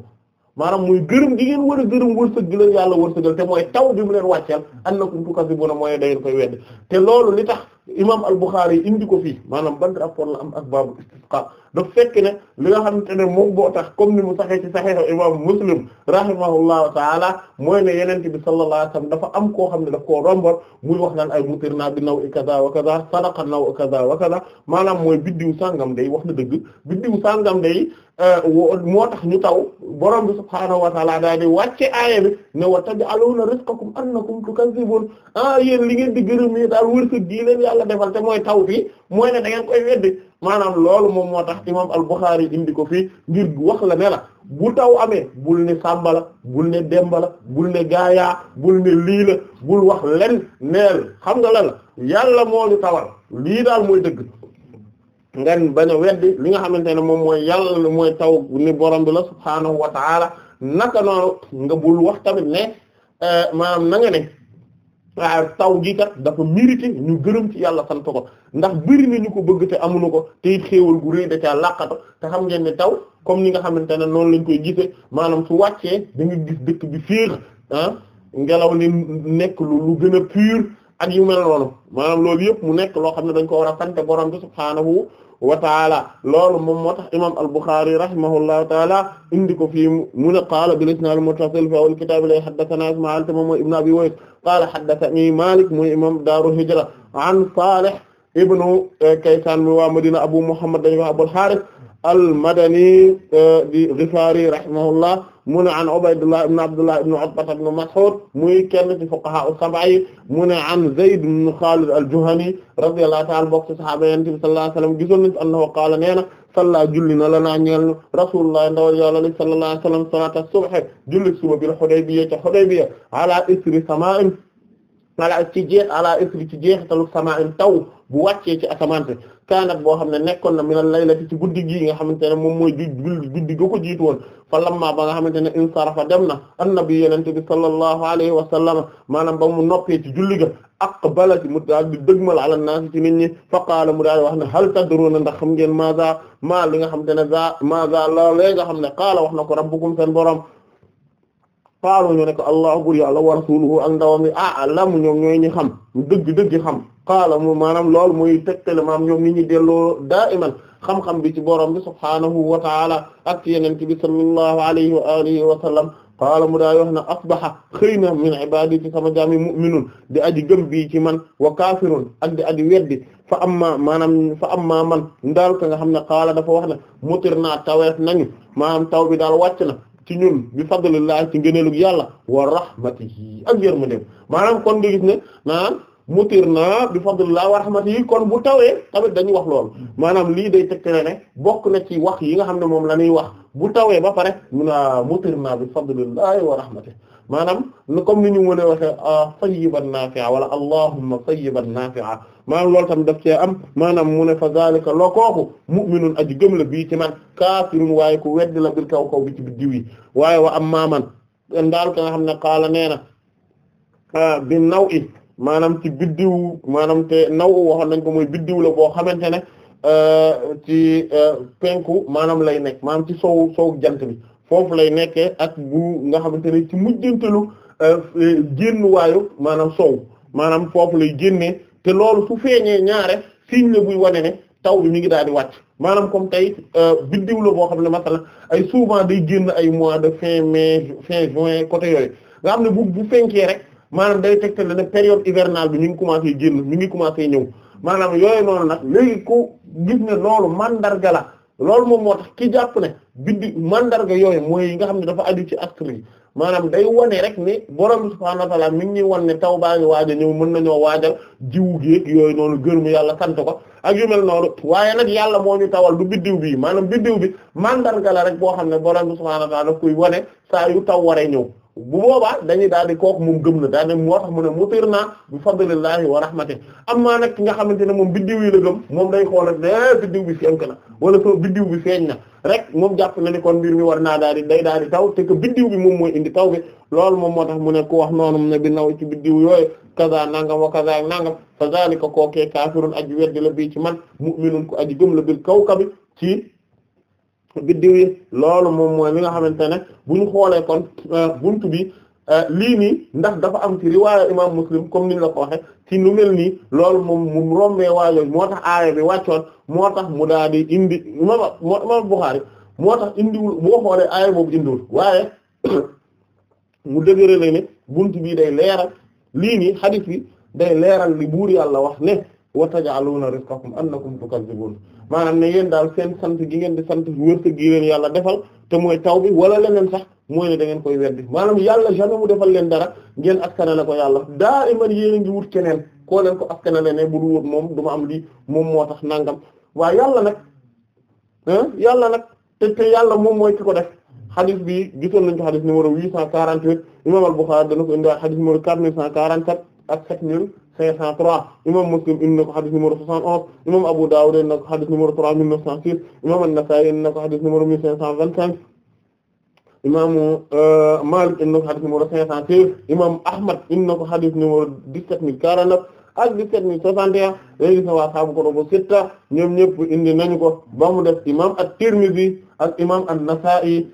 maanaam muy gërëm gi ngeen war a gërëm wërsëg gi leen yàlla wërsëgal te mooy taw bi mu leen wàcceel annakum tukazibuna mooy da ngeen koy wedd te loolu li tax imam al-Bukhari indi ko fii maanaam ban rapport la am ak baabul istisqa daf fekk ne li nga xamante ne moom boo tax comme ni mu saxee ci saxiix imam Muslim rahimahullahu taala mooy ne yenente bi sallallahu alayhi wasallam dafa am koo xam ne daf koo rombor muy wax naan ay mutirna bi naw i kaza wa kaza sadaqa naw i kaza wa kaza maanaam mooy biddiw sàngam day wax na dëgg biddiw sàngam day euh, moo tax ñu taw borom bi subhaanahu wa taala daal di wàcce aaya bi ne wa taj'aluuna rizqakum annakum tukazzibun ah yéen li ngeen di gërëm daal wërsëg gi leen yàlla defal te mooy taw fii mooy ne da ngeen koy weddi maanaam loolu moom moo tax imam al-Bukhari indi ko fii ngir wax la ne bu taw amee bul ne sàmba bul ne dembala la bul ne gaayaa bul ne lii la bul wax len neel xam nga la la yàlla moo ñu tawal lii daal mooy dëgg ngan bañ weddi li nga xamante ne moom mooy yàlla mooy taw ni borom bi la subhaanahu wa taala naka noonu bul wax tamit ne eh, maanaam na nga ne taw gi kat dafa mérité ñu gërëm ci yàlla sant ko ndax bëri na ñu ko bëgg te amuñu ko te it xéewal gu rëy da caa làqatu te xam ngeen ne taw comme ni nga xamante ne noonu lañ koy gisee maanaam su wàccee da nga gis dëkk bi féex ah ngelaw li nekk lu lu gën a pur ak yu mel noonu maanaam loolu yëpp mu nekk loo xam ne dañ ko war a sant borom bi subhaanahu wa taala loolu moom moo tax imam al-Bukhari rahimahullahu taala indi ko fii mu ne qaala bil isnaad al-muttasil fi awwal kitaab la haddathana Isma'il te moom mooy ibn Abi Wa'il qaala haddathani Malik mooy imam daaru hijra an Salih ibnu eh, Kaysan mi waa Madina Abu Muhammad dañu ko Abul Harith al-Madani eh, di Ghifari rahimahullah mu ne an Ubaydullah ibn Abdullah ibn Utba ibn Mas'ud muy kenn ci fuqaha as-sab'a yi mu ne an Zayd ibn Khalid al-Juhani radiyallahu ta'ala bokk ci sahaaba Yonent bi sallallahu alayhi wa sallam gisoon nañu annahu qaala nee na salla julli na la naa ñeel Rasulullah ndawal Yàlla sallallahu alayhi wa sallam salaata subh julli suba bil Hudaybiyya ca Hudaybiyya ala isri sama'in ala ci jeex ala isri ci jeexitalu sama'in taw bu wàccee ci asamaan si kaanat boo xam ne nekkoon na minal laylati ci guddi gi nga xamante ne moom mooy ju guddi ga ko jiitu woon fa lamma ba nga xamante ne insarafa dem na annabi yenente bi sallallahu alayhi wa sallama maanaam ba mu noppee ci julli ga aqbala ci mu daal di dëgmal ala naas ci nit ñi fa mu daal di wax ne hal tadruna ndax xam ngeen maza maa li nga xamante ne za maza la lée nga xam ne qaala wax na ko rabbukum seen borom xaalu ñu ne ko allah bur yàlla wa rasuluhu ak ndawam yi ah lam ñoom ñooy ñi xam dëgg dëgg xam xaala mu maanaam loolu muy tegtale maanaam ñoom nit ñi delloo daa iman xam-xam bi ci borom bi subhaanahu wa taala ak ci yeneen bi sallallahu alayhi wa alihi wa sallam qaala mu daay wax na asbaha xëy na min ibadi ci sama jaami mu'minun di aji gëm bii ci man wa kaafirun ak di aji weddi fa amma maanaam fa amma man ndaal ka nga xam ne qaala dafa wax ne mutir naa taweef nañu maanaam taw bi daal wàcc na ci ñun bi fadlillah ci ngëneelug yàlla wa rahmatihi ak yërmandeem maanaam kon nga gis ne maanaam ah, mutir na bi fadlillah wa rahmatihi kon bu tawee tamit dañuy wax loolu maanaam lii day tegtale ne bokk na ci wax yi nga xam ne moom la ñuy wax bu tawee ba pare mu a ah, mutir na bi fadlillah wa rahmatihi maanaam comme ni ñu mën a waxe ah, sayyiban nafi'a wala allahumma sayyiban nafi'a maanaam loolu tam daf cee am maanaam mu ne fa zalika loo kooku mu'minun aji gëm la bii ci man kaafirun waaye ku weddi la bir kaw kaw bi ci biddiw yi waaye wa am man ndaal ka nga xam ne qaala nee na ah, bi naw i maanaam ci biddiw maanaam te naw waxoon nañ ko mooy biddiw la boo xamante ne ah, ci penku maanaam lay nekk maanaam ci sow sow jant bi foofu lay nekkee ak bu nga xamante ne ci mujjantelu euh, génnuwaayu maanaam sow maanaam foofu lay génnee te loolu su feeñee ñaare signe la buy wane ne taw bi mi ngi daal di wàcc maanaam comme tey euh, biddiw la boo xam ne masala ay souvent day génn ay mois de fin mai fin juin côté yooyu nga xam ne bu bu fenkee rek maanaam day teg tegtale ne période hivernale bi ñu ngi commencé génn mi ngi commencé ñëw maanaam yooyu noonu nag léegi ku gis ne loolu mandarga la loolu moom moo tax ki jàpp ne biddi mandarga yooyu mooy yi nga xam ne dafa aju ci astre yi maanaam day wane rek ne borom subhaanahu wa ta'ala mi ngi ñuy wan ne taw baa ngi waaja ñëw mën nañoo waajal jiwu geeg yooyu noonu gërëm yàlla sant ko ak yu mel noonu waaye nag yàlla moo ñu tawal du biddiw bi maanaam biddiw bi mandarga la rek boo xam ne borom subhaanahu wa ta'ala daf koy wane saa yu taw waree ñëw. bu boobaa dañuy daal di kooku moom gëm na daal di moo tax mu ne mutir naa bi fadlillahi wa rahmati amma nag ki nga xamante ne moom biddiw yi la gëm moom day xool rek ne eh, biddiw bi fenk na wala biddiw bi feeñ na rek moom jàpp na ni kon mbir mi war naa daal di day daal di taw te que bi moom mooy indi taw bi loolu moom moo tax mu ne ku wax noonu mu ne bi naw ci biddiw yooyu kaza nangam wa kaza nangam fa zalika kookee kaafirun aji weddi la bii ci man mu'minun ku aji gëm la kaw kawkabi ci biddiw yi loolu moom mooy mi nga xamante ne bu ñu xoolee kon euh, buntu bi euh, lii nii ndax dafa am ci riwaaya imam muslim comme ni ñu la ko waxe ci nu mel nii loolu moom mu rombee waayooyu moo tax aaya bi wàccoon moo tax mu daal di indi imam imam Bukhari moo tax indiwul boo xoolee aaya boobu indiwul waaye (coughs) mu dëgëra la ne buntu bi day leeral lii nii hadith bi day leeral li buur yàlla wax ne wa taj'aluna rizqakum annakum tukadhibun maanaam ne yéen daal seen sant gi ngeen di sant wërsëg yàlla defal te mooy taw bi wala leneen sax mooy ne da ngeen koy weddi maanaam yàlla jamais mu defal leen dara ngeen askanale ko yàlla daa iman yéen a ngi wut keneen ko leen ko askanale ne bu dul woon moom du ma am lii moom moo tax nangam waaye yàlla nag yàlla nag te te yàlla moom mooy ki ko def xadis bi gisoon nañ ko xadis numéro 848 imam al-Bukhari dana ko indi xadis numéro 4147 ak 7000. 503 imam Muslim indi na ko xadis numéro 71 imam Abu Dawud indi na ko xadis numéro 3906 imam An-Nasa'i indi na ko xadis numéro 1525 imam euh, Malik indi na ko xadis numéro 506 imam Ahmad indi ko xadis numéro 17049 ak 17061 léegi sa waa saabu ko do bu sitta ñoom ñëpp ko ba def imam At-Tirmidhi ak imam an al-jami'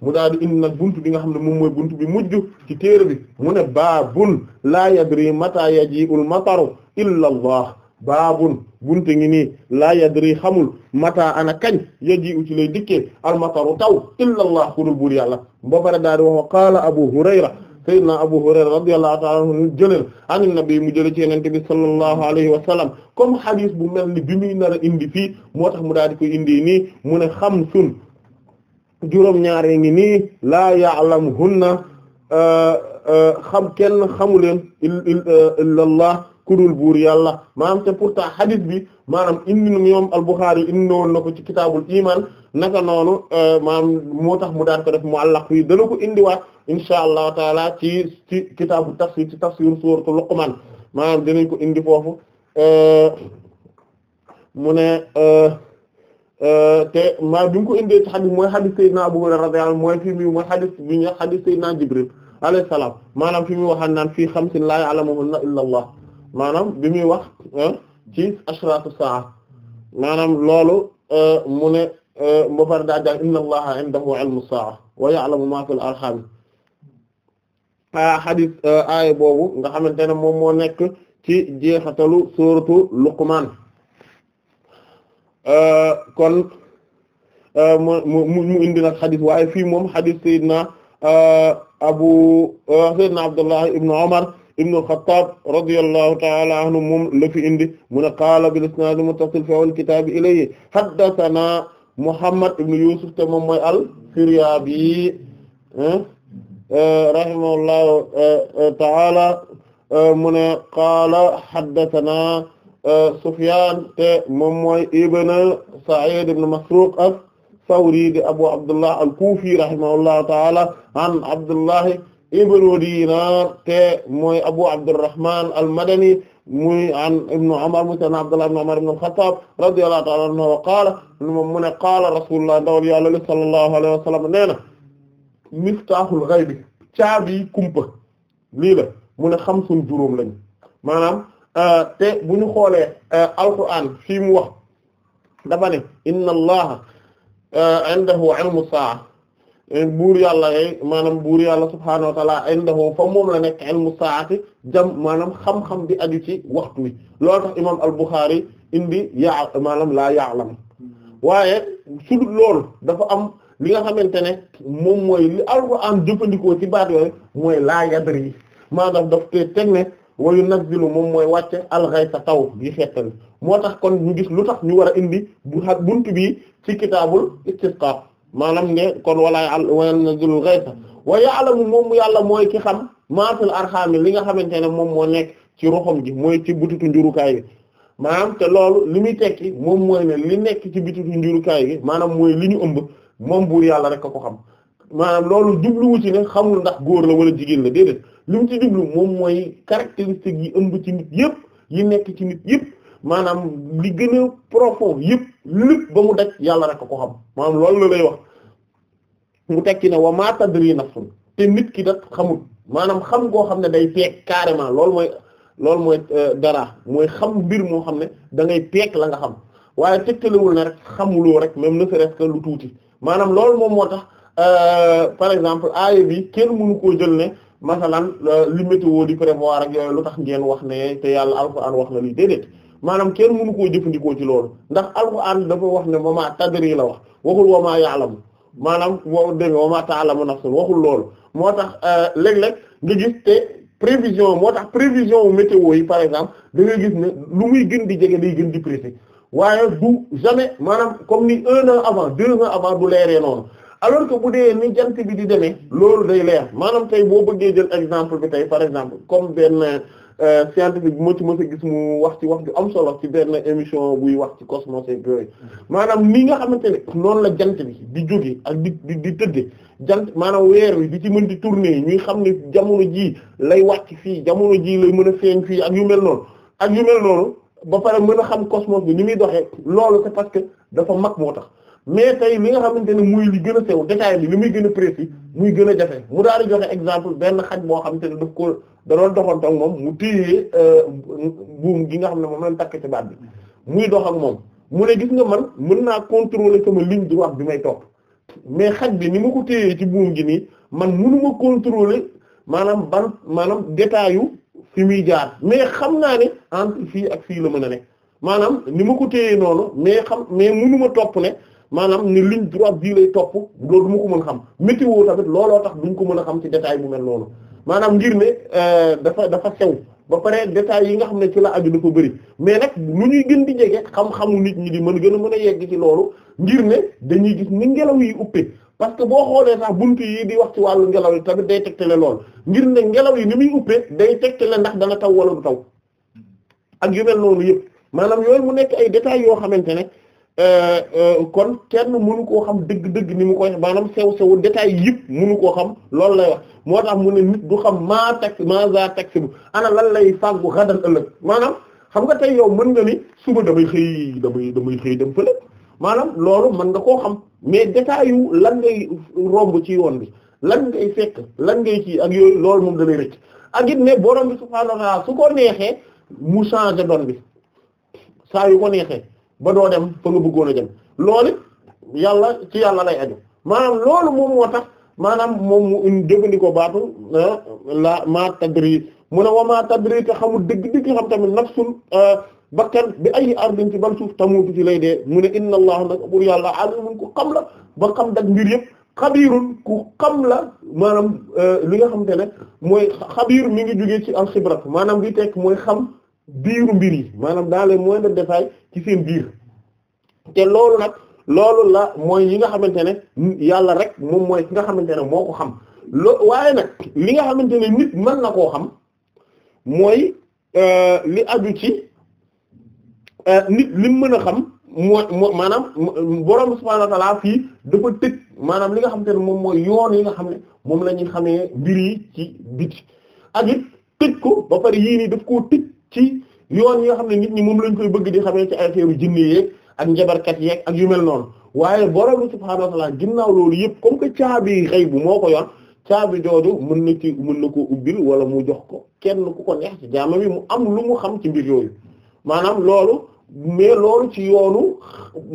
mu daal di indi nag buntu bi nga xam ne moom mooy buntu bi mujj ci téere bi mu ne baabun laa yadri mata yaji'ul mataru illa allah baabun bunte ngi nii laa yadri xamul mata ana kañ yaji'u ci lay dikkee al mataru taw illa allah ku dul buur yàlla ba pare daal di wax wa qaala abu hurayra sayyidina abu hurayra radiyallahu ta'ala anhu jëlal anin nabi mu jële ci yenente bi sallallahu alayhi wa sallam comme hadith bu mel ni bi muy nar a indi fii moo tax mu daal di koy indi nii mu ne xamsun juróom-ñaare ngi nii laa ya'lamuhunna euh, euh, xam kenn xamuleen euh, illallah kudul buur yàlla maanaam te pourtant hadith bi maanaam indi nu ñoom al-Bukhari indi woon na ko ci kitaabul iman naka noonu maanaam moo tax mu daan ko def muallaq fii dana ko indiwaat insha allahu taala ci ci kitaabu tafsir ci tafsir suuratu Luqman maanaam dinañ ko indi foofu mune Euh, te maa bi mu ko indee ci xadis mooy xadis Seydina Abu Hurayra radiyallahu anhu mooy fii mu mooy xadis bi ñu xadis Jibril alayhi salaam maanaam fi muy waxaan naan fii xamsin laa ya'lamuhunna illa Allah maanaam bi muy wax ah, ci ashratu saa maanaam loolu euh, mu ne ba euh, far daa jàng inna Allaha indahu ilmu saa wa ya'lamu ma boobu nga xamante ne moom moo nekk ci jeexatalu suuratu Luqmaan Euh, kon euh, mu mu indi nag xadis waaye fii moom xadis sayyidina euh, abu sayyidina abdullah ibn umar ibn al-Khattab radiyallahu ta'ala anhu moom la fi indi mu ne qaala bil isnaad al-muttasil fi awwal kitaab ilayhi haddathana Muhammad ibn Yusuf te moom mooy al-Firyaabi rahimahullahu ta'ala mu ne qaala haddathana Sufyan te moom mooy ibn Sa'id ibn Masruq as-Sawri di Abu Abdullah al-Kufi rahimahullahu ta'ala an Abdullah ibn Dinar te mooy Abu Abdurrahman al-Madani muy an ibn Umar muy sayyidina Abdullah ibn Umar ibn al-Khattab radiyallahu ta'ala anhu wa qaala moom mu ne qaala Rasulullah ndawal Yàlla li sallallahu alayhi wa sallam nee na miftahul ghaybi caabi kumpa lii la mu ne xamsun juróom lañu maanaam Euh, te bu ñu xoolee euh, alquran fii mu wax dafa ne inna allaha euh, indahu ilmu saa buur yàlla yay maanaam buur yàlla subhaanahu wa ta'ala indahu a moom la nekk jam maanaam xam-xam bi aju ci waxtu wi loolu tax imam al-Bukhari indi ya maanaam laa ya'lam waaye su dul dafa am li nga xamante ne moom mooy li alquran jëfandikoo ci baat yooyu mooy laa yadri maanaam daf te nag yunazzilu moom mooy wàcce alxaysa taw bi xettali moo tax kon ñu gis lu tax ñu war a indi bu xa bi ci kitaabul istisqa maanaam ne kon wala wa yunazzilu alxaysa wa ya'lamu moom yàlla mooy ki xam maa fil arxaami li nga xamante ne moom moo nekk ci roxom ji mooy ci butitu njurukaay bi maanaam te loolu li muy tekki moom mooy ne li nekk ci butitu njurukaay bi maanaam mooy li ñu ëmb moom buur yàlla rek a ko xam maanaam loolu jubluwu ci ne xamul ndax góor la wala jigéen la déedéet. li mu ci jublu moom mooy caractéristiques yi ëmb ci nit yëpp yi nekk ci nit yëpp maanaam li gën a profond yëpp lépp ba mu daj yàlla rek ko xam maanaam loolu la lay wax mu tekki ne wa yi tadri nafsun te nit ki dat xamul maanaam xam goo xam ne day peeg carrément loolu mooy loolu mooy euh, dara mooy xam mbir moo xam ne da ngay peeg la nga xam waaye tegtalewul na rek xamuloo rek même ne serait-ce lu tuuti maanaam lool moom moo tax euh, par exemple aaya bi kenn mënu koo jël ne masalan euh, li météo di prévoir ak yooyu lu tax ngeen wax ne te yàlla alxuraan wax na lii déedéet maanaam kenn mënu koo jëfandikoo ci loolu ndax alxuraan dafa wax ne wama tadri la wax waxul wama ya'lamu maanaam boo déggee wama na nafsun waxul loolu moo tax euh, léeg-léeg nga gis te prévision moo tax prévision u météo yi par exemple da ngay gis ne lu muy gën di jege day gën di précis waaye du jamais maanaam comme ni un an avant deux ans avant du leeree noonu alors que bu dee ni jant bi di demee loolu day leer maanaam tey boo bëggee jël exemple bi tey par exemple comme benn euh, scientifique bi ma ci mës a gis mu wax ci wax ju am solo ci benn émission buy wax ci cosmos ak yooyu maanaam ni nga xamante ne noonu la jant bi di jóge ak di di di tëdde jant maanaam weer wi di ci mën di tourner ñuy xam ne jamono jii lay wàcc fii jamono jii lay mën a feeñ fii ak yu mel noonu ak yu mel noonu ba pare mën a xam cosmos bi ni muy doxee loolu parce que dafa mag moo tax mais tey li nga xamante ne muy li gën a sew détail bi li muy gën a précis muy gën a jafe mu daal di joxe exemple benn xaj boo xamante ne daf ko da doon doxantu moom mu téye euh, buum gi nga xam ne moom lañ takk ci baat bi muy dox ak moom mu ne gis man mën naa contrôler sama ligne droite bi may topp mais xaj bi ni ma ko téyee ci buum gi nii man mënuma contrôler maanaam ban maanaam détail yu fi muy jaar mais xam naa ne entre fii ak fii la mën a ne maanaam ni ma ko téyee noonu mais xam mais mënuma topp ne maanaam ne ligne droite bii lay topp loolu du ma ko mën xam météo tamit looloo tax duñ ko mën a xam ci détail bu mel noonu maanaam ngir ne euh, dafa dafa sew ba pare détails yi nga xam ne ci la aju dafa bëri mais nag lu ñuy gën di jege xam-xamu nit ñi di mën gën a mën a yegg ci loolu ngir ne dañuy gis ni ngelaw yi uppee parce que boo xoolee sax buntu yi di wax ci wàllu ngelaw yi tamit day tegtale lool ngir ne ngelaw yi ni muy uppee day tegtale ndax dana taw wala taw ak yu mel noonu maanaam yooyu mu nekk ay détails yoo xamante ne Euh, euh, kon kenn mënu koo xam dëgg-dëgg ni mu koy maanaam sew-sewu détail yëpp mënu koo xam loolu lay wax moo tax mu ne nit du xam maa tax maa za tax bu ana lan lay fàggu xadan ëllëg maanaam xam nga tey yow mën nga ni suba damay xëy damay damay xëy dem fële maanaam loolu mën nga koo xam mais détail yu lan ngay romb ci yoon bi lan ngay fekk lan ngay ci ak yooyu loolu moom dalay rëcc ak it ne borom bi subhaanahu wa ta'ala su ko neexee mu changer doon bi saa yu ko neexee ba doo dem fa nga bëggoon a dem loolu yàlla ci yàlla lay aju maanaam loolu moom moo tax maanaam moom mu jëfandikoo baatu ah, la maa tadri mu ne wa maa tadri te xamul dëgg dëgg xam tamit nafsul ah, bakkan bi ay ardin ci ban suuf tamutu ci lay dee mu ne inna allah nag bur yàlla alimun ku xam la ba xam dak mbir yëpp xabiirun ku xam la maanaam ah, li nga xam te ne mooy xabiir mi ngi jógee ci alxibra maanaam li tekk mooy xam biiru mbir yi maanaam dans les moindres détails ci seen biir te loolu nag loolu la mooy yi nga xamante ne yàlla rek moom mooy ki nga xamante ne moo ko xam waaye nag li nga xamante ne nit mën na koo xam mooy euh, li aju ci euh, nit lim mën a xam mooy maanaam borom subhaanahu wa ta'ala fii dafa tëj maanaam li nga xamante ne moom mooy yoon yi nga xam ne moom la ñuy xamee mbir yi ci biti ak it tëj ko ba pare yii nii daf koo tëj. ci yoon yi nga xam ne nit ñi moom lañ koy bëgg di xamee ci ay teeru jinne yeeg ak njabarkat yeeg ak yu mel noonu waaye borom subhaanahu wa ta'aala ginnaaw loolu yëpp comme que caabi xëy bu moo ko yor caabi jooju mën na ci mën na koo ubbil wala mu jox ko kenn ku ko neex ci jaama bi mu am lu mu xam ci mbir yooyu maanaam loolu mais loolu ci yoonu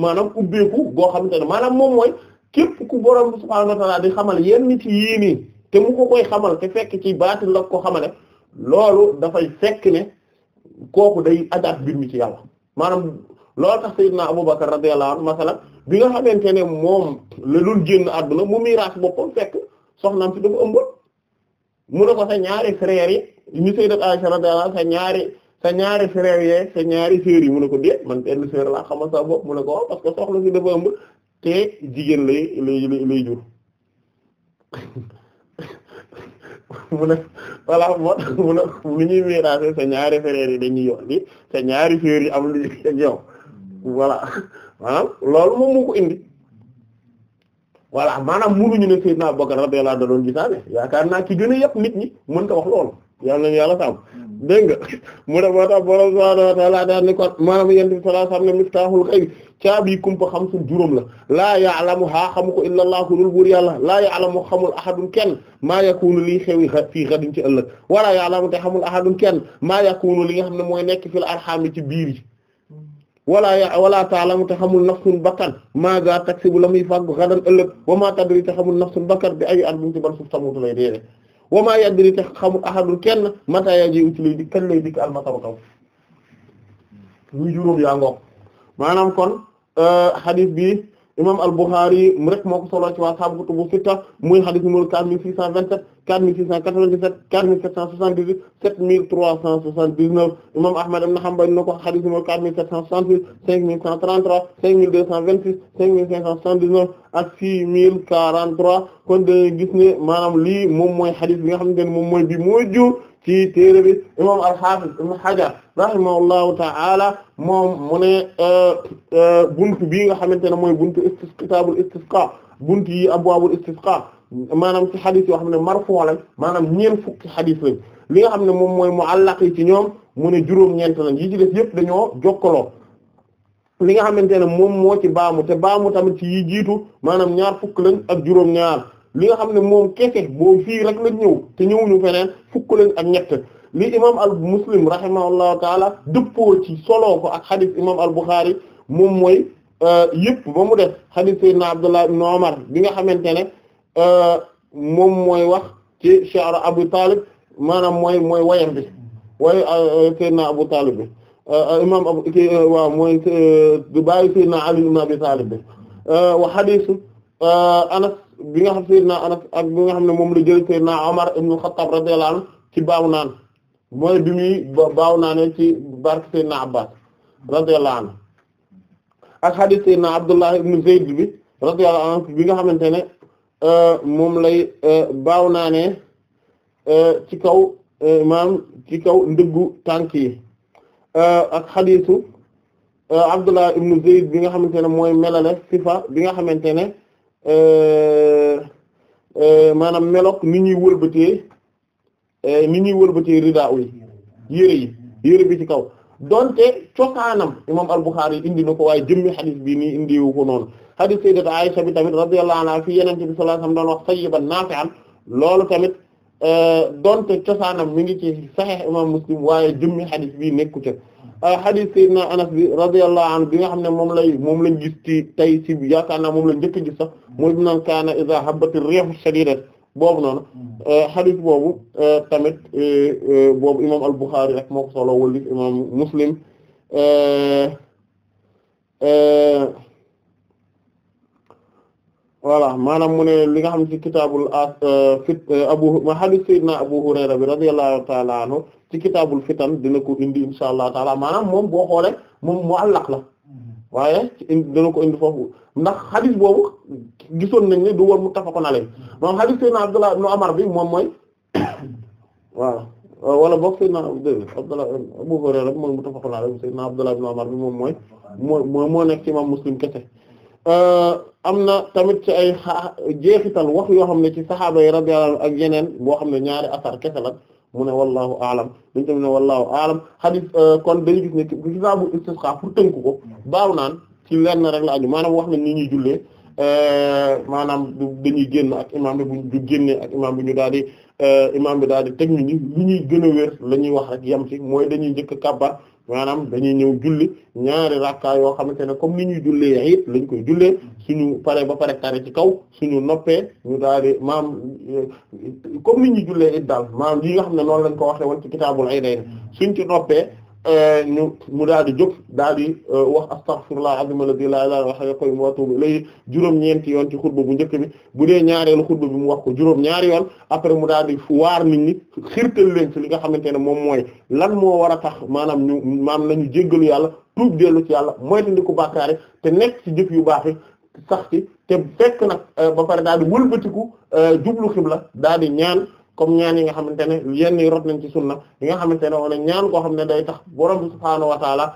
maanaam ubbeeku goo xamante ne maanaam moom mooy képp ku borom subhaanahu wa di xamal yenn ci yéenii te mu ko koy xamal te fekk ci baatin la ko xamale loolu dafay fekk ne kooku day ajaat mbir mi ci yàlla maanaam loolu tax sayyidna Abubakar radiyallahu anhu masalan bi nga xamante ne moom la doon génn àdduna mu miraas boppam fekk soxnaam si dafa ëmboon mu ne ko sa ñaari frères yi ñu sayyidat Aisha ñaari sa ñaari frères yee sa yi mu ne ko déet man benn laa xamal sa mu ne ko parce que soxna si dafa ëmb te jigéen lay lay lay jur (laughs) mu ne voilà moo tax mu ne lu ñuy sa ñaari frères yi dañuy yox li sa ñaari frères yi am lu ak yow voilà maanaam loolu moom moo ko indi voilà maanaam munuñu ne Seydina Abubakar radiyallahu laa da doon gisaane yaakaar naa ki gën a yëpp nit ñi mën ta wax loolu yàlla nañu yàlla sàmm dégg nga mu ne moo tax borom subhaanahu wa ta'aala daal ni ko maanaam yonent bi sallallahu alayhi wa sallam ne miftaahul xayb caabi kumpa xam suñ juróom la laa ya'lamuhaa xamu ko illa Allahu dul buur yàlla laa ya'lamu xamul ahadun kenn maa yakuunu lii xewi fii xadim ci ëllëg wala ya'lamu te xamul ahadun kenn maa yakuunu li nga xam ne mooy nekk fil arxaam ci biir yi wala ya wala taalamu te xamul nafsun bakkan maa za taksibu la muy fàggu xadan ëllëg wa maa tadri te xamul nafsun bakkan bi ay at bu ñu ci ban suuf tamutu lay deewee wa maa yadri te xamul ahadul kenn mata yaji ci lay dik kañ lay dikk almasaru taw muy juróom yaa ngoog maanaam kon hadith euh, bi imam al-Bukhari mu rek moo ko solo ci waa saabu kutubu sitta muy hadith numéro 4627 4697 4778 7379 imam Ahmad ibn Hanbal na ko hadith numéro 4768 5133 5226 5579 ak 6043 kon dañuy gis ne maanaam lii moom mooy hadith bi nga xamante ne moom mooy bi mooy ju ci téere bi imam al-Hafiz ibn Hajar rahimahullahu ta'ala moom mu ne euh, euh, buntu bii nga xamante ne mooy buntu istis kitaabul istisqa buntu yi abwaabul istisqa maanaam ci xadis yoo xam ne marfu' lañ maanaam ñeen fukki xadis lañ li nga xam ne moom mooy mu'allaq yi ci ñoom mu ne juróom-ñeent lañ yi ci def yëpp dañoo jokkaloo li nga xamante ne moom moo ci baamu te baamu tamit ci yi jiitu maanaam ñaar fukk lañ ak juróom-ñaar li nga xam ne moom kese boo fii rek lañ ñëw te ñëwuñu feneen fukk lañ ak ñett li imam al muslim rahimahullahu taala dëppoo ci soloo ko ak xadis imam al buxaari moom mooy euh, yëpp ba mu def xadis sayyidina abdullah ibn umar bi nga xamante ne Euh, moom mooy wax ci shi'ru Abu Talib maanaam mooy mooy wayam bi way euh, euh, Seydina Abu Talib bi imam abu mooy du bàyyi Seydina Ali ibn Abi Talib bi wa hadiisu Anas bi nga xam Seydina ak bi nga xam ne moom la jël Seydina Omar ibn Khattab radiyallahu anhu ci baaw naan mooy bi muy baaw naane ci barke Seydina Abbas radiyallahu anhu ak hadiis Seydina Abdullah ibn Zayd bi radiyallahu anhu bi nga xamante ne Euh, moom lay euh, baaw naane euh, ci kaw maam ci kaw ndëggu tànk yi ak xadiisu Abdullah ibn Zayd bi nga xamante ne mooy melale sifa bi nga xamante ne maanaam melok ni ñuy wëlbatee ni ñuy wëlbatee ridaa yi yére yi yére bi ci kaw donte cosaanam imam al-Bukhari y indi na ko waaye jëmmi xadis bi nii indiwu ko noonu xadis sayyidat Aisha bi tamit radiyallahu anha fi yenente bi sallallahu alayhi wasallam doon wax sayyiban nafi'an loolu tamit euh, donte cosaanam mi ngi ci sahih imam Muslim waaye jëmmi xadis bi nekku ca euh, xadis sayyidina Anas bi radiyallahu anhu bi nga xam ne moom lay moom lañ gis ci tay si yaakaar naa moom lañ njëkk gis sax mooy bi naan kaana idha habbatir rihu shadidat boobu noonu hmm. eh, xadis boobu eh, tamit eh, boobu imam al-Bukhari rek moo ko solo wallif imam Muslim voilà maanaam mu ne li nga xam ci kitaabul as ah, fit abu ma hadith sayyidina abu hurayra bi radiyallahu ta'ala anhu ci kitaabul fitan dina ko indi insha allah taala maanaam moom boo xoolee moom muallaq la waaye dana ko indi foofu ndax xadis boobu gisoon nañ ne du war muttafaqun alayhi moom xadis Seydina Abdullah ibn Umar bi moom mooy (coughs) waaw wala boog Seydina Abdullah Abu Hurayra mooy muttafaqun alayhi Seydina Abdullah ibn Umar bi moom mooy moo moo nekk ci imam Muslim kese euh, am na tamit ci ay jeexital wax yoo xam ne ci saxaaba yi radiyallahu ak yeneen boo xam ne ñaari asar kese la mu ne wallahu aalam dañu tamit ne wallahu aalam xadis euh, kon dañu gis ne kitaabu istisqa pour tënk ko baaw naan ci lenn rek la aju maanaam wax nañ ni ñuy jullee euh, maanaam dañuy génn ak imaam bi bu ñu génnee ak imaam bi ñu daal di euh, imaam bi daal di teg ñu ñi li ñuy gën a wér la ñuy wax rek yem ci mooy dañuy njëkk kàbbar maanaam dañuy ñëw julli ñaari rakka yoo xamante ne comme ni ñuy jullee it lañ koy jullee suñu pare ba pare tare ci kaw ñu noppee ñu daal di maam comme ni ñu jullee it daal maam yi nga xam ne noonu lañ ko waxee woon ci kitaabul ay day suñ ci noppee ñu mu daal di jóg daal di euh, wax astaghfirullah azim alladhi la ilaha illa huwa hayyul qayyum wa atubu ilayhi juróom-ñeenti yoon ci xutba bu njëkk bi bu dee ñaareelu xutba bi mu wax ko juróom-ñaari yoon après mu daal di waar nit ñi xirtal leen ci li nga xamante ne moom mooy lan moo war a tax maanaam ñu maam nañu jéggalu yàlla tuub dellu ci yàlla moytandi ko bàkkaare te nekk ci jëf yu baax yi sax te fekk nag euh, ba pare daal di wëlbatiku euh, jublu xibla daal di ñaan comme ñaan yi nga xamante ne yenn yi rot nañ ci sunna yi nga xamante ne wala ñaan ko xam ne day tax borom bi subhaanahu wa taala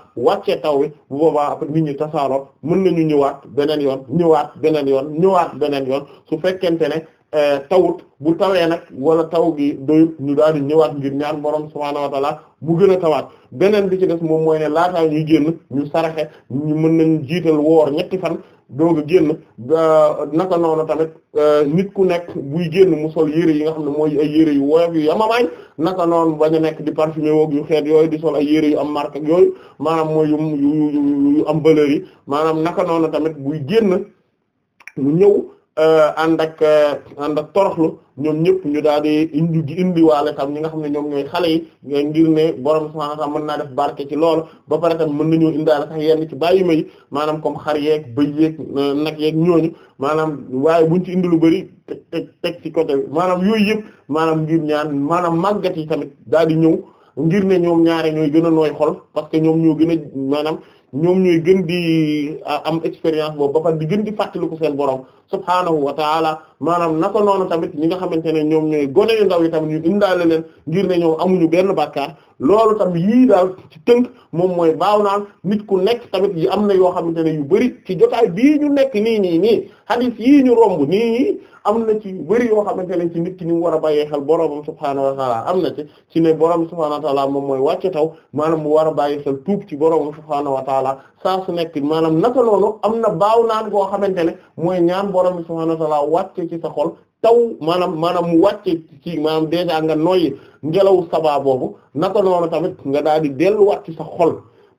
taw bi bu boobaa après nit ñi tasaaroo mën nañu ñëwaat beneen yoon ñëwaat beneen yoon ñëwaat beneen yoon su fekkente ne eh, tawut bu tawee nag wala taw gi doyut ñu daal di ñëwaat ngir ñaan borom subhaanahu wa taala bu gën a tawaat beneen bi ci des moom mooy ne laataa ñuy génn ñu saraxe ñu mën nañ jiital woor ñetti fan doog génn naka noonu tamit euh, nit ku nekk buy génn mu sol yére yi nga xam ne mooy ay yére yu woyof yi yamamaay naka noonu bañ a nekk di parfumé woog yu xeet yooyu di sol ay yére yu am marque yooyu maanaam mooy yu yu yu am valeur maanaam naka noonu tamit buy génn mu ñëw Euh, ànd ak euh, ànd ak toroxlu ñoom ñëpp ñu daal di indi indiwaale tam ñi nga xam ne ñoom ñooy xale yi ngir ne borom subhaanahu wa ta'aala mën naa def barke ci loolu ba pare tam mën nañoo indaale sax yenn ci bàyyi ma yi maanaam comme yeeg bëy yeeg euh, nag yeeg ñooñu maanaam waaye buñ ci indi lu bari teg ci côté maanaam yooyu yëpp maanaam ngir ñaan maanaam màggat yi tamit daal di ñëw ngir ne ñoom ñaare ñooy gën a nooy xol parce que ñoom ñoo gën a maanaam ñoom ñooy gën di am expérience boobu ba pare di gën di fàttaliku seen borom subhaanahu wa taala maanaam naka noonu tamit ñi nga xamante ne ñoom ñooy gone yu ndaw yi tamit ñu indaale leen ngir ne ñoom amuñu benn bàkkaar loolu tamit yii daal ci tënk moom mooy baaw naan nit ku nekk tamit yi am na yoo xamante ne yu bëri ci jotaay bii ñu nekk nii nii yii ñu romb nii nii am na ci bëri yoo xamante ne ci nit ñu war a bàyyee xel boroomam subhaanahu wa taala am na ci ci ne boroom subhaanahu wa taala moom mooy wàcce taw maanaam mu war a bàyyi xel tuub ci boroomam subhaanahu wa taala saa su nekk maanaam naka noonu am na baaw naan goo xamante ne mooy ñaan borom bi subhaanahu wa ta'aala wàcce ci sa xol taw maanaam maanaam mu wàcce ci maanaam dèjà nga noyyi ngelaw sabaa boobu naka noonu tamit nga daal di delluwaat ci sa xol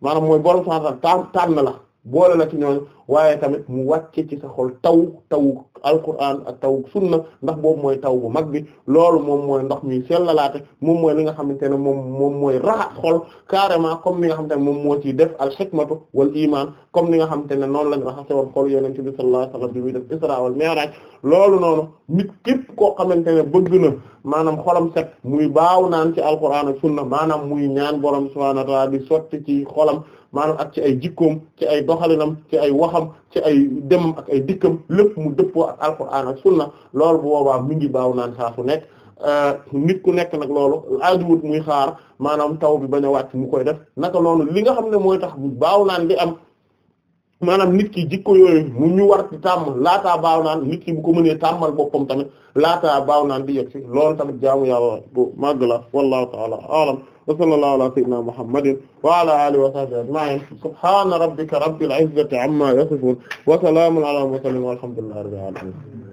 maanaam mooy borom subhaanahu wa ta'aala tànn la boole la ci ñooñu waaye tamit mu wàcce ci sa xol taw taw alquran ak taw sunna ndax boobu mooy taw bu mag bi loolu moom mooy ndox mi sellalaate moom mooy li nga xamante ne moom moom mooy raxas xol carrément comme ni nga xam ne moom moo ciy def al hikmatu wal iman comme ni nga xamante ne noonu lañ raxase woon xol yonent bi sallallahu alayhi wasallam bi muy def isra wal mi'raj loolu noonu nit képp koo xamante ne bëgg na maanaam xolam set muy baaw naan ci alquran ak sunna maanaam muy ñaan borom subhanahu wa ta'ala di sotti ci xolam maanaam ak ci ay jikkoom ci ay doxalinam ci ay waxam xam ci ay demam ak ay dikkam lëpp mu dëppoo ak alquran ak sunna loolu bu boobaa mi ngi baaw naan saa nekk euh, nit ku nekk nag loolu ajuwut muy xaar maanaam taw bi bañ a wàcc mu koy def naka noonu li nga xam ne mooy tax baaw naan di am maanaam nit ki jikko yooyu mu ñu war ci tàmm laataa baaw naan nit ki bu tamit laataa baaw naan di yegg si loolu tamit jaamu yàlla bu màgg la wallahu ta'ala a'lam wa sallallahu ala muhammadin wa ala alihi wa sahbihi ajma'in subhana rabbika rabbil izzati amma yasifun wa salamun ala mursalin walhamdulillahi